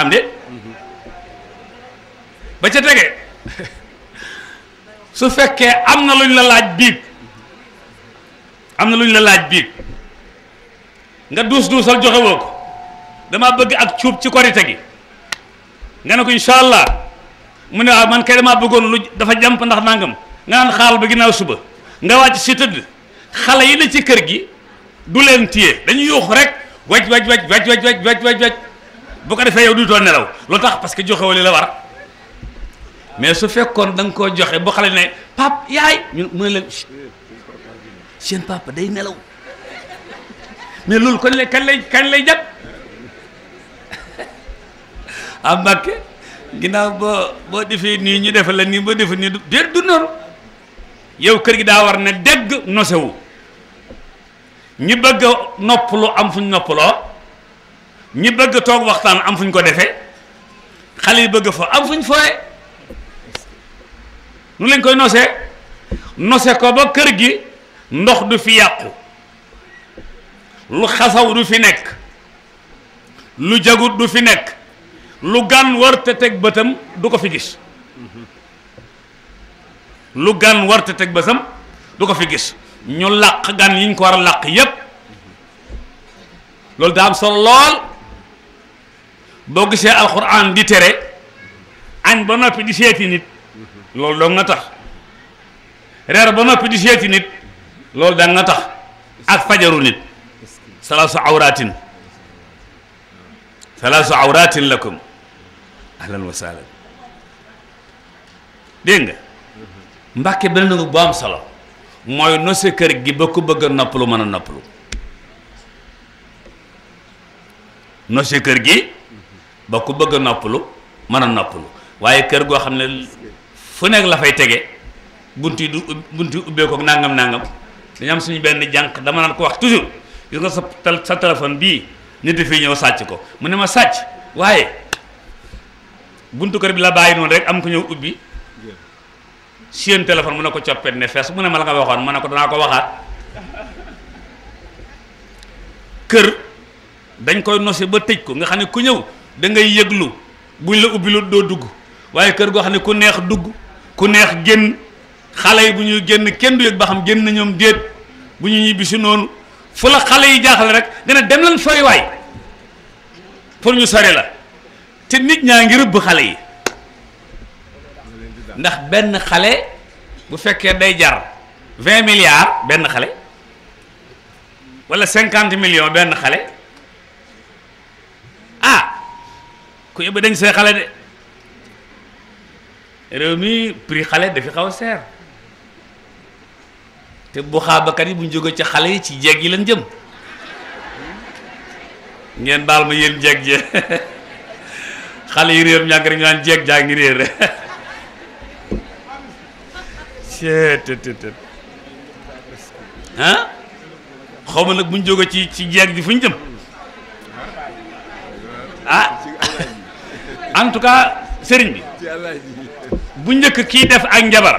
am de ba ca tege su fekkee am na luñ la laaj biig am na luñ la laaj biig nga duus duusal joxe woo ko damaa bëgg ak cuub ci korite gi nga ne ko incha allah mu ne waaw ah, man kay damaa bëggoon lu dafa jàmp ndax nangam nga naan xaal ba ginnaaw suba nga wàcc si tëdd xale yi ne ci kër gi du leen téye dañu yuux rek waj waj waj waj waj waj waj waj bu ko defee yow du too nelaw lu tax parce que joxewali la war mais su fekkoon danga nga koo joxe bu xale ne pap yaay ñu mu la leen seen papa day nelaw mais loolu kon lay kañ lay kañ lay jàpp ah Mbàkke ginnaaw boo boo defee nii ñu defe la nii boo defee nii du du noonu yow kër gi daa war ne dégg nosewu ñi bëgg a noppalu am fuñ noppaloo ñu bëgg toog waxtaan am fuñ ko defee xale yi bëgg fo am fuñ fooye nu lañ koy nosé nosé ko ba kër gi ndox du fi yàqu lu xasaw du fi nekk lu jagut du fi nekk lu gan warte teg bëtam du ko fi gis lu gan warte teg bëtam du ko fi gis ñu làq gan yiñ ko war a làq yépp loolu daa am solo lool boo gisee alquran di tere añ ba noppi di seeti nit loolu dong nga tax reer ba noppi di seeti nit loolu dang nga tax ak fajaru nit salaasu awraatin salaasu awraatin lakum ahlan wa sahlan dégg nga mbàkke beneen nga bu am solo mooy nose kër gi ba ku bëgg a noppalu mën a noppalu nose kër gi ba ku bëgg a noppalu mën a noppalu waaye kër goo xam ne fu nekk la fay tege bunt yi du bunt yi ubbeekook nangam nangam dañ am suñu benn jànq dama naan ko wax toujours gis nga sa sa téléphone bii nit di fi ñëw sàcc ko mu ne ma sàcc waaye buntu kër bi la bàyyi noonu rek am ku ñëw ubbi seen téléphone mu ne ko coppet ne fees mu ne ma la nga waxoon ma ne ko danaa ko waxaat kër dañ koy nose ba tëj ko nga xam ne ku ñëw da ngay yëglu buñ la ubbi lu doo dugg waaye kër goo xam ne ku neex dugg ku neex génn xale yi bu ñuy génn kenn du yëg ba xam génn na ñoom déet bu ñu ñibbi si noonu fu la xale yi jaaxale rek dana dem leen sori waay pour ñu sori la te nit ñaa ngi rëbb xale yi ndax benn xale bu fekkee day jar vingt milliards benn xale wala cinquante million benn xale ah ku yëbba dañ see xale de réew pri prix xale dafi xaw a te bu xaabakat yi buñ joge ci xale ci jeeg yi lañ jëm ngeen bal ma yeen jeeg je xale yi réer ñàkk rek ñu naan jeeg reer ngi te te te ha xawma nak buñ joge ci ci jeeg di fuñ jëm ah en tout cas serigne bi bu njëkk kii def ak njabar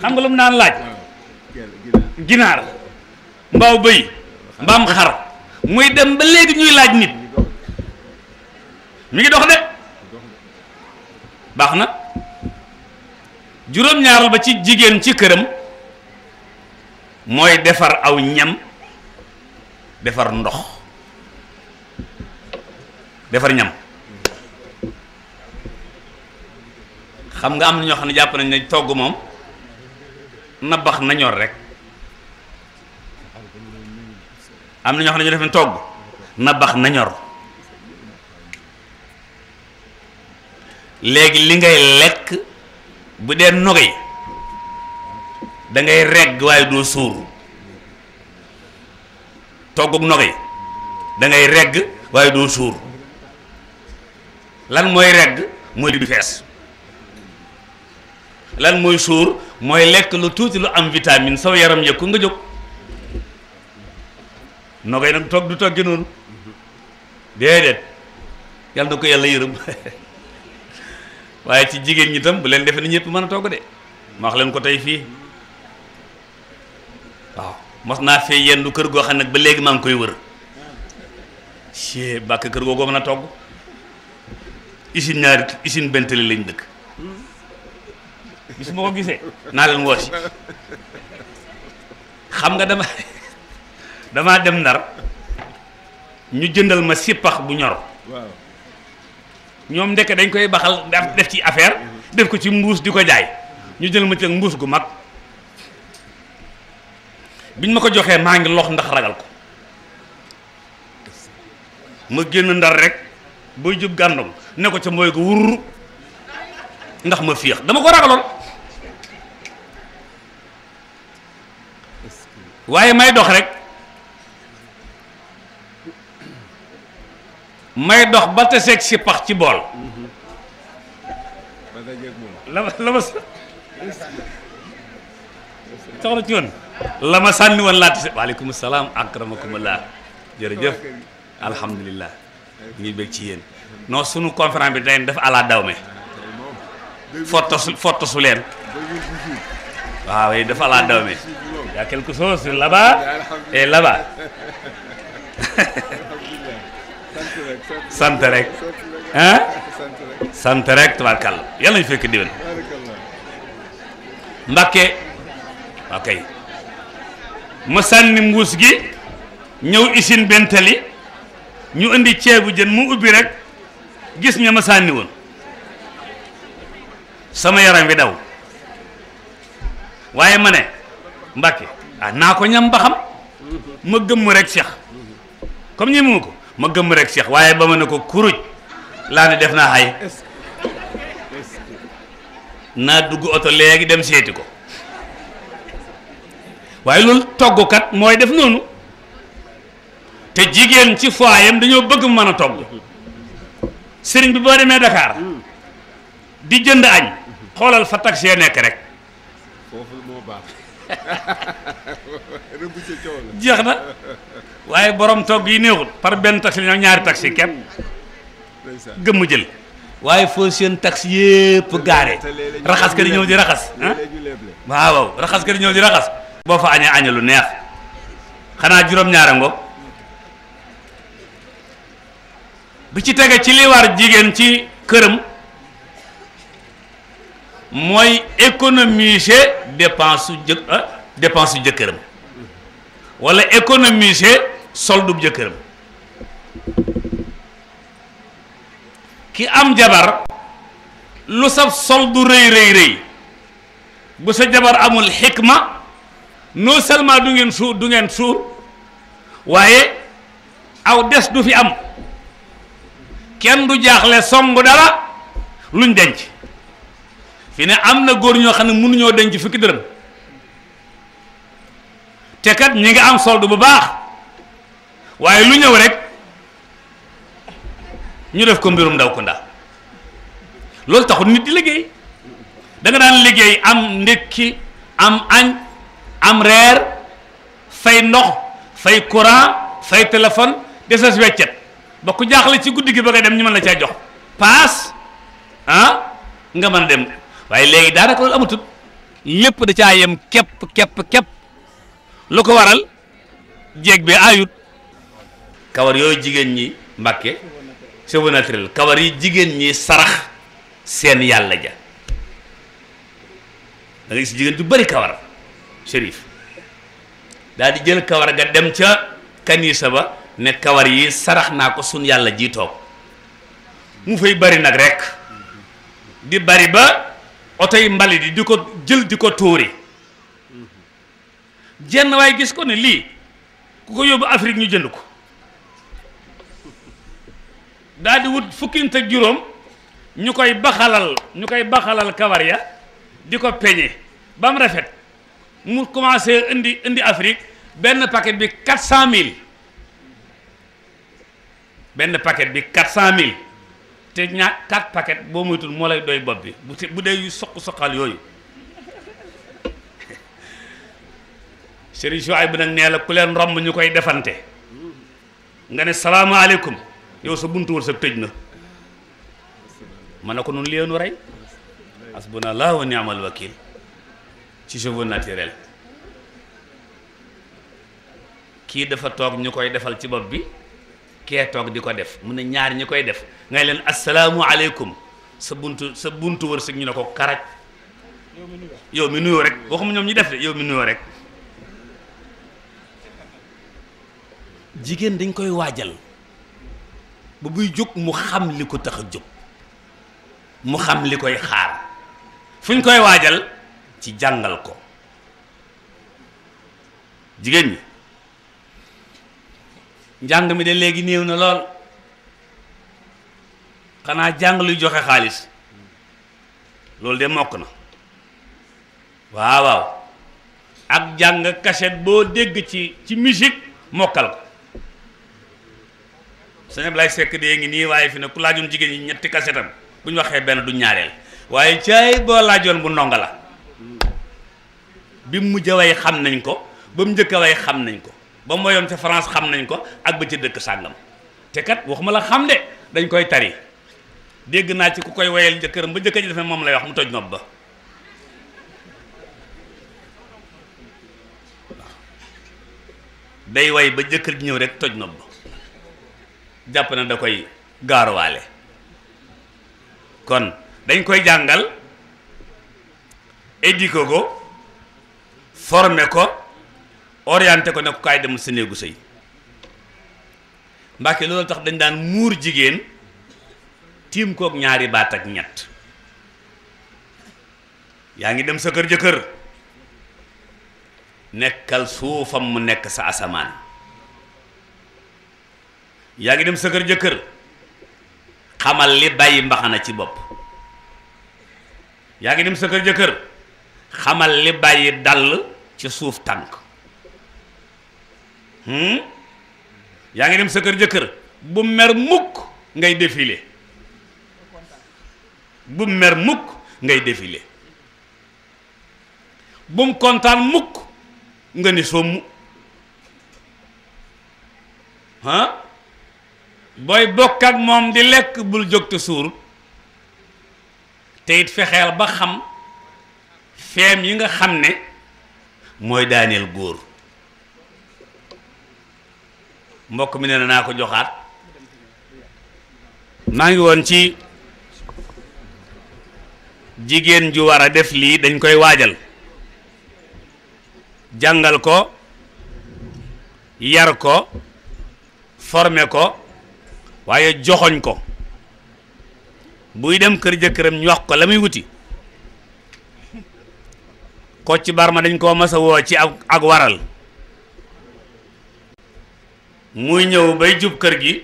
xam nga lu mu naan laaj ginaar mbaaw bëy mbaam xar muy dem ba léegi ñuy laaj nit mu ngi dox de baax na juróom-ñaaral ba ci jigéen ci këram mooy defar aw ñam defar ndox defar ñam xam nga am na ñoo xam ne jàpp nañ ne togg moom na bax na ñor rek am na ñoo xam ne ñu defe togg nabax bax na ñor léegi li ngay lekk bu dee nogay da ngay regg waaye doo suur togguk nogay da ngay regg waaye doo suur lan mooy regg mooy di fees lan moy sour moy lek lu tuti lu am vitamine saw yaram ko nga no nogay nak tok du togi non dedet yalla nako yalla yeureum waye ci jigen ñi tam bu len def ni ñepp mëna a togg de ma wax leen ko tay fi wa mos na fe yendu keur go xam nak ba legi maa koy wër ci bàkk keur go go mëna togg usine ñaari usine bentali lañ dëkk bis ma ko gisee naa leen woo si xam nga dama damaa dem ndar ñu jëndal ma sippax bu ñor ñoom ndekk dañ koy baxal def ci affaire mhm. def ko ci mbuus di ko jaay ñu jël ma ci mbuus gu mag biñ ma ko joxee maa ngi lox ndax ragal ko ma génn ndar rek booy jub gàndom ne ko ca mooy ko wurr ndax ma féex dama ko ragaloon waaye may dox rek may dox ba te seeg si pax ci bool la ma ci woon la sànni woon laa tase waaleykum salaam akramakumullah jërëjëf alhamdulilah ñu ngi bég ci yéen non sunu conférence bi dañ dafa ala dawme fottosu fottosu leen ah dafa laa dawme y ya quelque chose eh bas et là-bas sant rek hein sant rek tabarkal yalla ñu fekk diwen mbakke okay ma sanni mbuus gi ñew isin bentali ñu andi ceebu jën mu ubbi rek gis ña sanni sama yaram wi daw waaye ma ne Mbàkke ah naa ko ñam ba xam ma gëmm rek Cheikh comme ñi mu ko ma gëmm rek Cheikh waaye ba ma ne ko kuruj laa ne def naa xay naa dugg oto léegi dem seeti ko waaye loolu toggukat mooy def noonu te jigéen ci foyam dañoo bëgg mën a togg sëriñ bi boo demee Dakar di jënd añ xoolal fa tax yee nekk rek. baax. jeex na waaye boroom togg yi néexul par benn taxi la ñaari taxi kepp gëmm jël waaye foo seen taxi yëpp gaare raxas ka di ñëw di raxas ah waaw raxas ka di ñëw di raxas boo fa añee añee lu neex xanaa juróom-ñaara ngoog bi ci tegee ci li jigéen ci këram mooy économiser dépense su jë euh, dépense su jëkkëram wala économiser soldu bu jëkkëram ki am jabar lu sab soldu rëy rëy rëy bu sa jabar amul xikma non seulement du ngeen suur du ngeen suur waaye aw des du fi am kenn du jaaxle song dara luñ denc fi ne am na góor ñoo xam ne mënuñoo denc fukki dërëm te kat ñi nga am solde bu baax waaye lu ñëw rek ñu def ko mbirum ndaw ko ndaa loolu taxul nit di liggéey da daan liggéey am ndékki am añ am reer fay ndox fay courant fay téléphone desas weccet ba ku jaaxle ci guddi gi ba nga dem ñu mën la caa jox paas ah nga mën dem waaye léegi daanaka loolu amatut lépp da caa yem kepp képp képp lu ko waral jéeg bi ayut kawar yooyu jigéen ñi mbàkke cheveux naturel kawar yi jigéen ñi sarax seen yàlla ja nga gis jigéen ju bari kawar shérif daal di jël kawar ga dem ca kanisa ba ne kawar yi sarax naa ko sun yàlla ji toog mu fay bari nag rek di bari ba oto yi mbalit yi di ko jël di ko tuuri jenn waaye gis ko ne lii ku ko yóbbu Afrique ñu jënd ko daal wut fukkinte juróom ñu koy baxalal ñu koy baxalal kawar ya di ko peñe ba mu rafet mu commencé indi indi Afrique benn paquet bi quatre cent mille benn paquet bi quatre cent mille te ñaar quatre paquet boo moytul moo lay doy bopp bi bu bu dee yu soq soqal yooyu sëriñ Suwaay bi nag nee la ku leen romb ñu koy defante nga ne salaamaaleykum yow sa buntu wërsëg tëj na ma ne ko nun leenu rey asbuna laa wa niamal wakil ci cheveux naturel kii dafa toog ñu koy defal ci bopp bi kee toog di ko def mu ne ñaar ñi koy def ngay leen asalaamualeykum sa buntu sa buntu wërsëg ñu ne ko karaj yow mi nuyoo rek boo waxuma ñoom ñi def de yow mi nuyoo rek jigéen dañ koy waajal ba buy jóg mu xam li ko tax a jóg mu xam li koy xaar fuñ koy waajal ci jàngal ko jigéen ñi njàng mi de léegi néew na lool xanaa jàng luy joxe xaalis loolu de mokk na waaw waaw ak jàng kaset boo dégg ci ci musique mokkal ko sëñ Ablaye Seck dee ngi nii waaye fi ne ku laajoon jigéen ñi ñetti kasetam bu ñu waxee benn du ñaareel waaye caay boo laajoon bu ndongo la bi mu mujj way xam nañ ko ba mu njëkk way xam nañ ko ba mu woyoon ca France xam nañ ko ak ba ca dëkk sàngam te kat waxuma la xam de dañ koy tari dégg naa ci ku koy woyal jëkkëram ba jëkkër moom lay wax mu toj nopp ba day way ba jëkkër ji ñëw rek toj nopp ba jàpp na da koy gaaruwaale kon dañ koy jàngal éduquer ko former ko orienté ko ne ko kaay dem sa néegu sëy mbàkke loolu tax dañ daan muur jigéen tiim kook ñaari baat ak ñett yaa ngi dem sa kër jëkkër nekkal suufam mu nekk sa asamaan yaa ngi dem sa kër jëkkër xamal li bàyyi mbaxana ci bopp yaa ngi dem sa kër jëkkër xamal li bàyyi dàll ci suuf tànk Hmm? yaa ngi dem sa kër jëkkër bu mer mukk ngay défilé bu mer mukk ngay defile bu mu kontaan mukk nga ni somm ah booy bokk moom di lekk bul jóg te suur te fexeel ba xam feem yi nga xam ne mooy daaneel góor mbokk mi nee na naa ko joxaat maa ngi woon ci jigéen ju war a def lii dañ koy waajal jàngal ko yar ko forme ko waaye joxoñ ko buy dem kër jëkkëram ñu wax ko la muy wuti ko ci barma dañ koo mas ci ak waral muy ñëw bay jub kër gi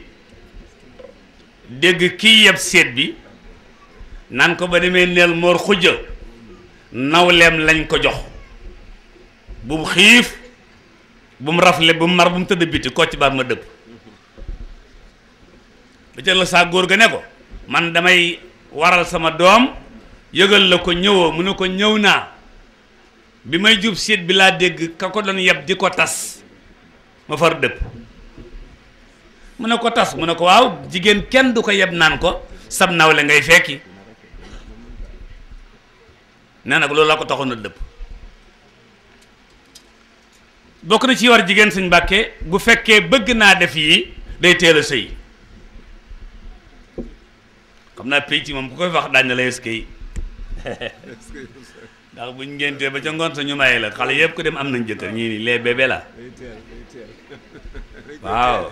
dégg kii yeb seet bi naan ko ba demee neel moor xujja nawleem lañ ko jox bu xiif bu mu rafle bu mu mar bu mu tëdd biti ko ci baat ma dëpp ba ca la saa góor ga ne ko man damay waral sama doom yëgal la ko ñëwoo mu ne ko ñëw naa bi may jub seet bi laa dégg ka ko doon yeb di ko tas ma far dëpp mu ne ko tas mu ne ko waaw jigéen kenn du ko yeb naan ko sab nawle ngay fekki nee nag loolu la ko taxoon a dëpp bokk na ci war jigéen suñ mbàkkee bu fekkee bëgg naa def yii day teel a sëy xam naa pénc moom ku koy wax daañu la est-ce que ndax buñ ngéntee ba ca ngoon sa ñu may la xale yëpp ko dem am nañ jëkkër ñii nii les bébés la waaw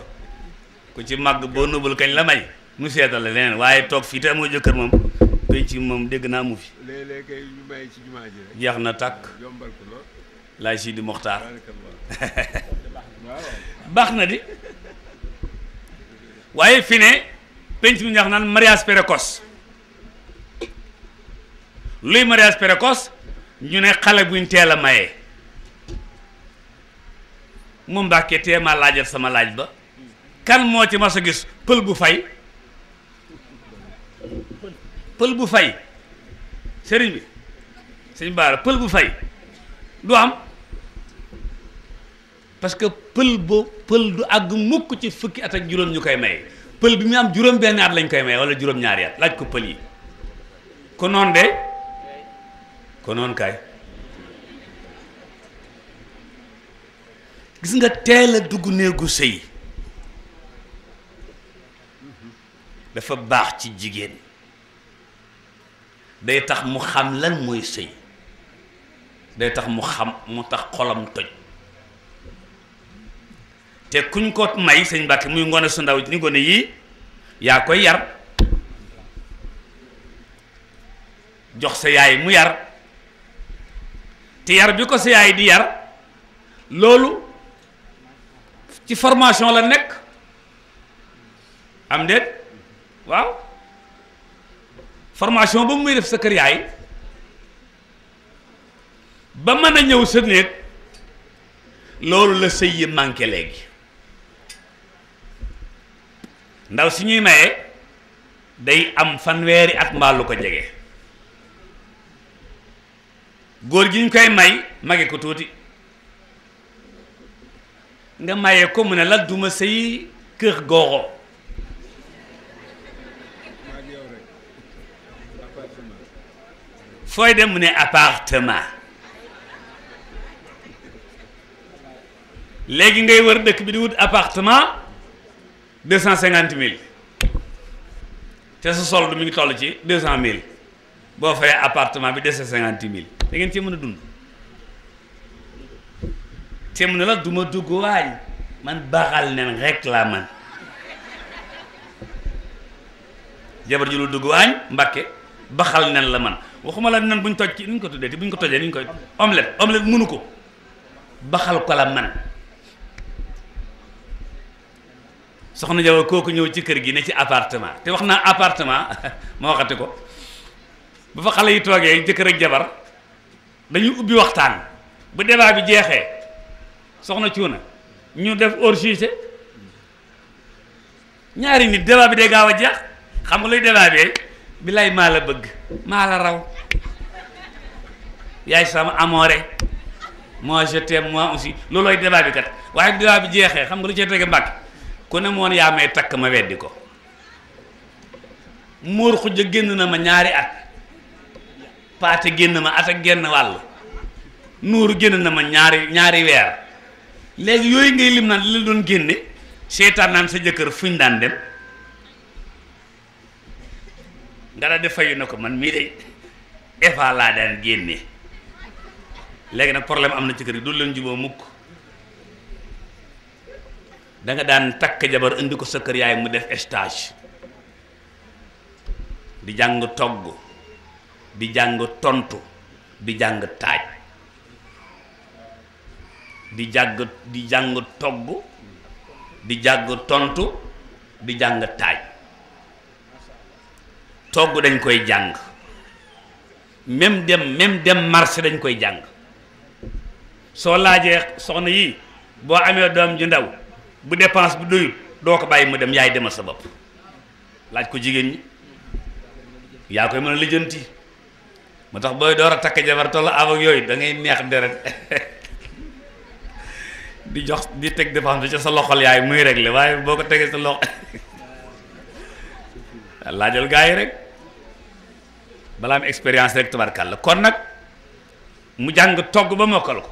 ku ci màgg boo nubul kañ la may nu seetal la leneen waaye toog fii te amoo jëkkër moom penc moom dégg naa mu fi léeg jeex na tàkk yombal ko lool laay si di moxtaar baax na di waaye fi ne penc mi ñu naan mariage précoce luy mariage précoce ñu ne xale buñ teel a maye mu mbàkkee tee ma laajal sama laaj ba kan moo ci mas a gis pël bu fay pël bu fay sëriñ bi sëriñ baara pël bu fay du am parce que pël bu pël du àgg mukk ci fukki at ak juróom ñu koy maye pël bi mu am juróom benn at lañ koy maye wala juróom ñaari at laaj ko pël yi ko noon de ko noon kaay gis nga teel a dugg néegu sëy dafa baax ci jigéen day tax mu xam lan mooy sëy day tax mu xam mu tax xolam toj te kuñ ko may sëñ Mbàkke muy ngone su ndaw ni gone yii yaa koy yar jox sa yaay mu yar te yar bi ko sa yaay di yar loolu ci formation la nekk am déet waaw formation ba muy def sa yaay ba mën a ñëw sa néeg loolu la sëy yi manqué léegi ndaw si ñuy maye day am fanweeri at mbaa ko jege góor gi ñu koy may mage ko tuuti nga maye ko mu ne la duma sëy kër goxo fooy dem mu ne appartement léegi ngay wër dëkk bi di wut appartement deux cent cinquante mille te sa solde mi ngi toll ci deux cent mille boo fay appartement bi deux cent cinquante mille da ngeen cee mën a dund te mu ne la du dugg waañ man baaxal nen rek laa man jabar ju lu dugg waañ Mbàkke baxal nen la man waxuma la nen buñ toj ci nuñ ko tuddee te buñ ko tojee niñ koy omelette omelette mënu ko baxal ko la man soxna Jaw kooku ñëw ci kër gi ne ci apartement te wax naa appartement ma waxati ko bu fa xale yi toogee jëkkër ak jabar dañuy ubbi waxtaan bu débat bi jeexee soxna cuuna ñu def hors ñaari nit débat bi day gaaw a jeex xam nga luy débat bi bilaay maa la bëgg maa la raw yaay sama amoore moi je t'aime moi aussi loolooy débat bi kat waaye débat jeexee xam nga lu cee tege mbàkk ku ne moon yaa may takk ma weddi ko móor xuj génn na ma ñaari at paate génn ma at ak genn wàll nuuru génn na ma ñaari ñaari weer léegi yooyu ngay lim naan li la doon génne seetaan naan sa jëkkër fuñ daan dem dara de fayu na man mi de efa la dan genné légui nak problème amna ci kër du leen juboo mukk da nga dan tak jabar indi ko sa kër yaay mu def stage di jang togg di jang tontu di jang taaj di jàng di jang togg di jàng tontu di jang taaj togg dañ koy memdem même dem même dem marché dañ koy jang so laajee soxna yi bo amé dom ju ndaw bu dépense bu doyul doo ko mu dem yaay demal sa bop laaj ko jigen ni ya koy meuna a motax boy doora booy door jabar ak yoy da ngay neex deret di jox di tek dépense ci sa loxol yaay muy régler waye boko tege sa lox laajal gaay rek balaa am expérience rek la kon nag mu jàng togg ba mokkal ko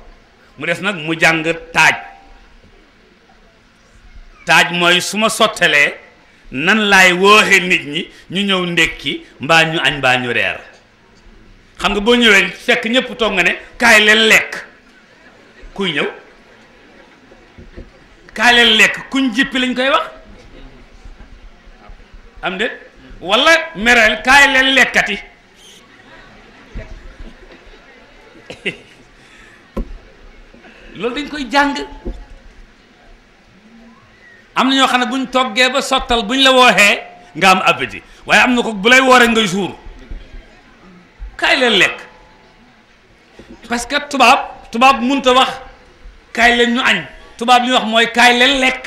mu des nag mu jàng taaj taaj mooy su ma sottelee nan laay wooxee nit ñi ñu ñëw ndékki mbaa ñu añ mbaa ñu reer xam nga boo ñëwee fekk ñëpp toog nga ne kaay leen lekk kuy ñëw kaay leen lekk kuñ jippi lañ koy wax am de walla mereel kaay leen lekkati loolu dañ koy jàng am na ñoo xam ne buñ toggee ba sottal buñ la wooxee nga am appétit waaye am na ko bu lay wooree ngay suur kaay leen lekk parce que tubaab tubaab mënut a wax kaay leen ñu añ tubaab li ñu wax mooy kaay leen lekk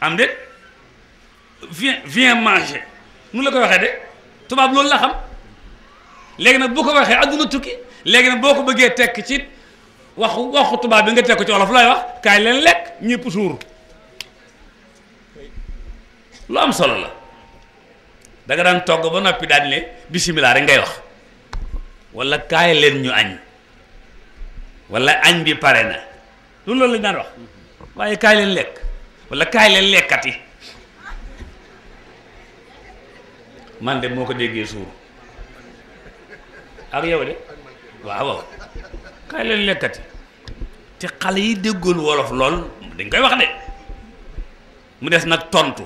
am de viens viens manger nu la ko waxee de tubaab loolu la xam léegi nag bu ko waxee adduna tukki léegi nag boo ko bëggee tekk ci waxu waxu tubaab bi nga teg ko ci olof lay wax kaay leen lekk ñépp suur lu am solo la danga daan togg ba noppi daan ne bisimilah rek ngay wax wala kaay leen ñu añ walla añ bi pare na lu loolu lañ daan wax waaye kaay leen lekk walla kaay leen lekkati man de moo ko déggee suur ak yow de waaw waaw kay leen lekati te xale yi deggul wolof lol dañ koy wax de mu dess nak tontu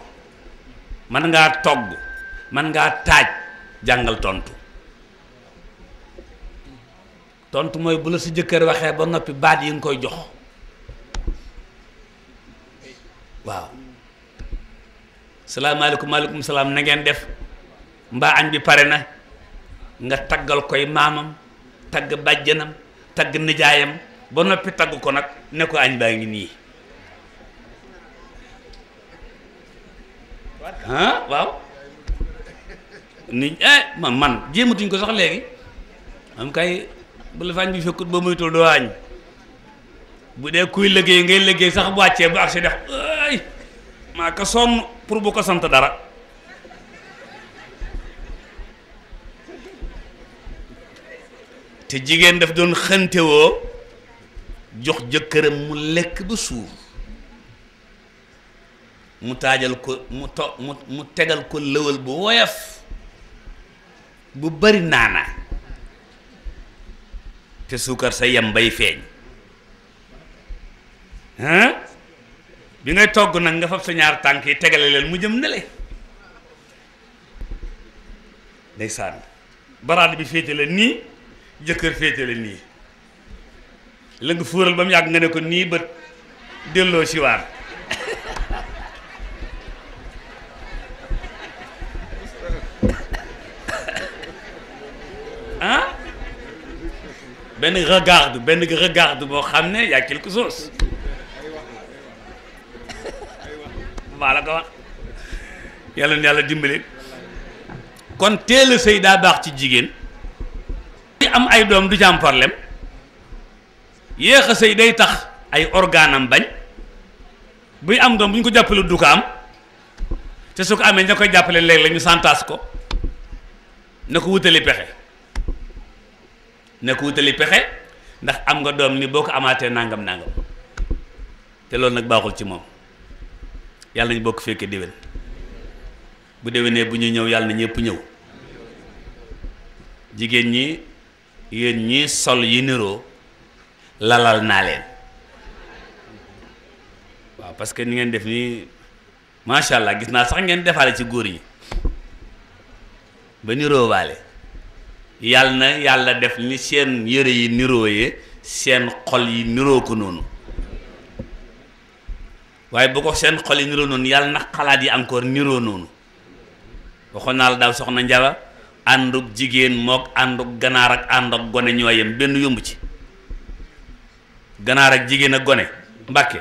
man nga togg man nga taaj jangal tontu tontu moy bu la sa jëkkër waxee ba nopi baat yi nga koy jox waaw salaamaaleykum maaleykum salaam na ngeen def mba añ bi paré na nga taggal koy mamam tag bàjjanam tagg nijaayam ba noppi tagg ko nag ne ko añ baa ngi nii ah waaw ni eh ma man jéematuñ ko sax léegi am kay bu la faañ bi fekkut ba muytul doo añ bu dee kuy liggéey ngay liggéey sax bu wàccee bu agsi def ay maa ko sonn pour bu ko sant dara te jigéen daf doon xëntewoo jox jëkkëram mu lekk ba suur mu taajal ko mu to mu tegal ko lëwal bu woyof bu bari naana te suukar sa yem bay feeñ bi ngay togg nag nga fab sa ñaar tànk yi tegale leen mu jëm nele ndeysaan baraad bi féete la nii jëkkër féete nii la fuural ba mu yàgg nga ne ko nii bët delloo siwaar ah benn regard benn regard boo xam ne yaa quelque chose maa la ko wax yàlla na yàlla dimbali kon teel a daa baax ci jigéen di am ay doom du ci am problème yéex a sëy day tax ay organe am bañ buy am doom bu ñu ko jàppale du ko am te su ko amee ña koy jàppale léeg la ñu santaas ko ne ko wutali pexe na ko wutali pexe ndax am nga doom ni boo ko amaatee nangam nangam te loolu nag baaxul ci moom yàlla ñu bokk fekkee déwén bu déwénee bu ñuy ñëw yàlla na ñëpp ñëw jigéen ñi yéen ñii sol yi niroo lalal naa leen waaw parce que ni ngeen def nii macha allah gis naa sax ngeen defaale ci góor yi ba niroo waale yàlla na yàlla def ni seen yére yi niroo nirooyee seen xol yi niroo ko noonu waaye boo ko seen xol yi niroo noonu yàlla na xalaat yi encore niroo noonu waxoon naa la daaw soxna Njaba Anduk jigen mok anduk ganarak anduk ànd ak gone ñoo yem benn yomb ci ganaar ak jigéen ak gone mbàkke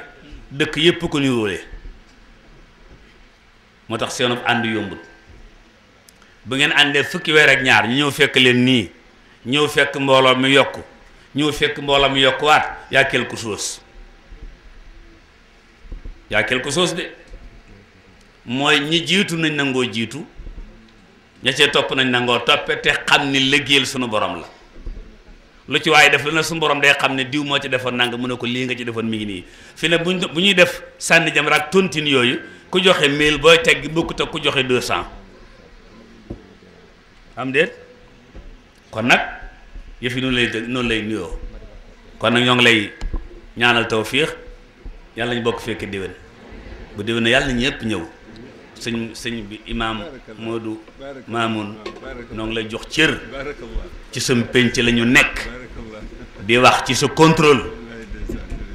dekk yépp ko ñu wolé motax seenu seenub ànd yombul bu ngeen andé fukki wér ak ñaar ñew fekk leen ni ñew fekk mbolo mi yok ñew fekk mbolo mi wat ya quelque chose ya quelque chose de moy ñi jitu nañ nangoo jitu ña cee topp nañ nangoo toppe te xam ni liggéeyal sunu borom la lu ci waaye def lu ne sunu borom day xam ne diw moo ci defoon nanga mu ne ko nga ci mi ngi fi ne def sandi jam rak tontine yooyu ku joxe mille booy tegg bokkut ak ku joxe deux am déet kon nag yëf yi lay noonu lay nuyoo kon lay ñaanal tawfiix yàlla ñu bokk fekk déwén bu déwén yàlla na ñëpp sëñ sëñ bi imaam Modou Mamoun noo ngi lay jox cër ci sam pénc la ñu nekk di wax ci sa contrôle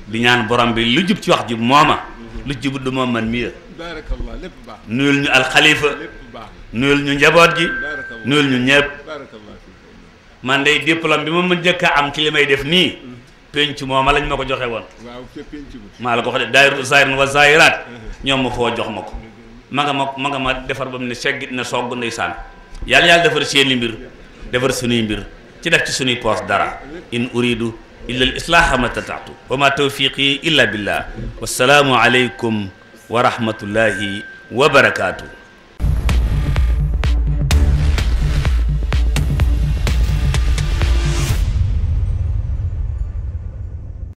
di ñaan borom bi lu jub ci wax ji mooma lu jubut du moom man mii nuyul ñu alxalifa nuyul ñu njaboot gi nuyul ñu ñëpp man day diplôme bi ma mën njëkk a am ci li may def nii pénc mooma lañ ma ko joxe woon maa la ko wax de daayru zaahirin ñoom ma foo jox ma ko ma nga ma ma nga ma defar ba mu ne seggit na sogg ndeysaan yàlla yàlla defar seeni mbir defar sunuy mbir ci def ci sunuy poos dara in uridu illa al islaaha ma tataatu wa ma tawfiqi illa billah wassalaamu aleykum wa rahmatullahi wa barakaatu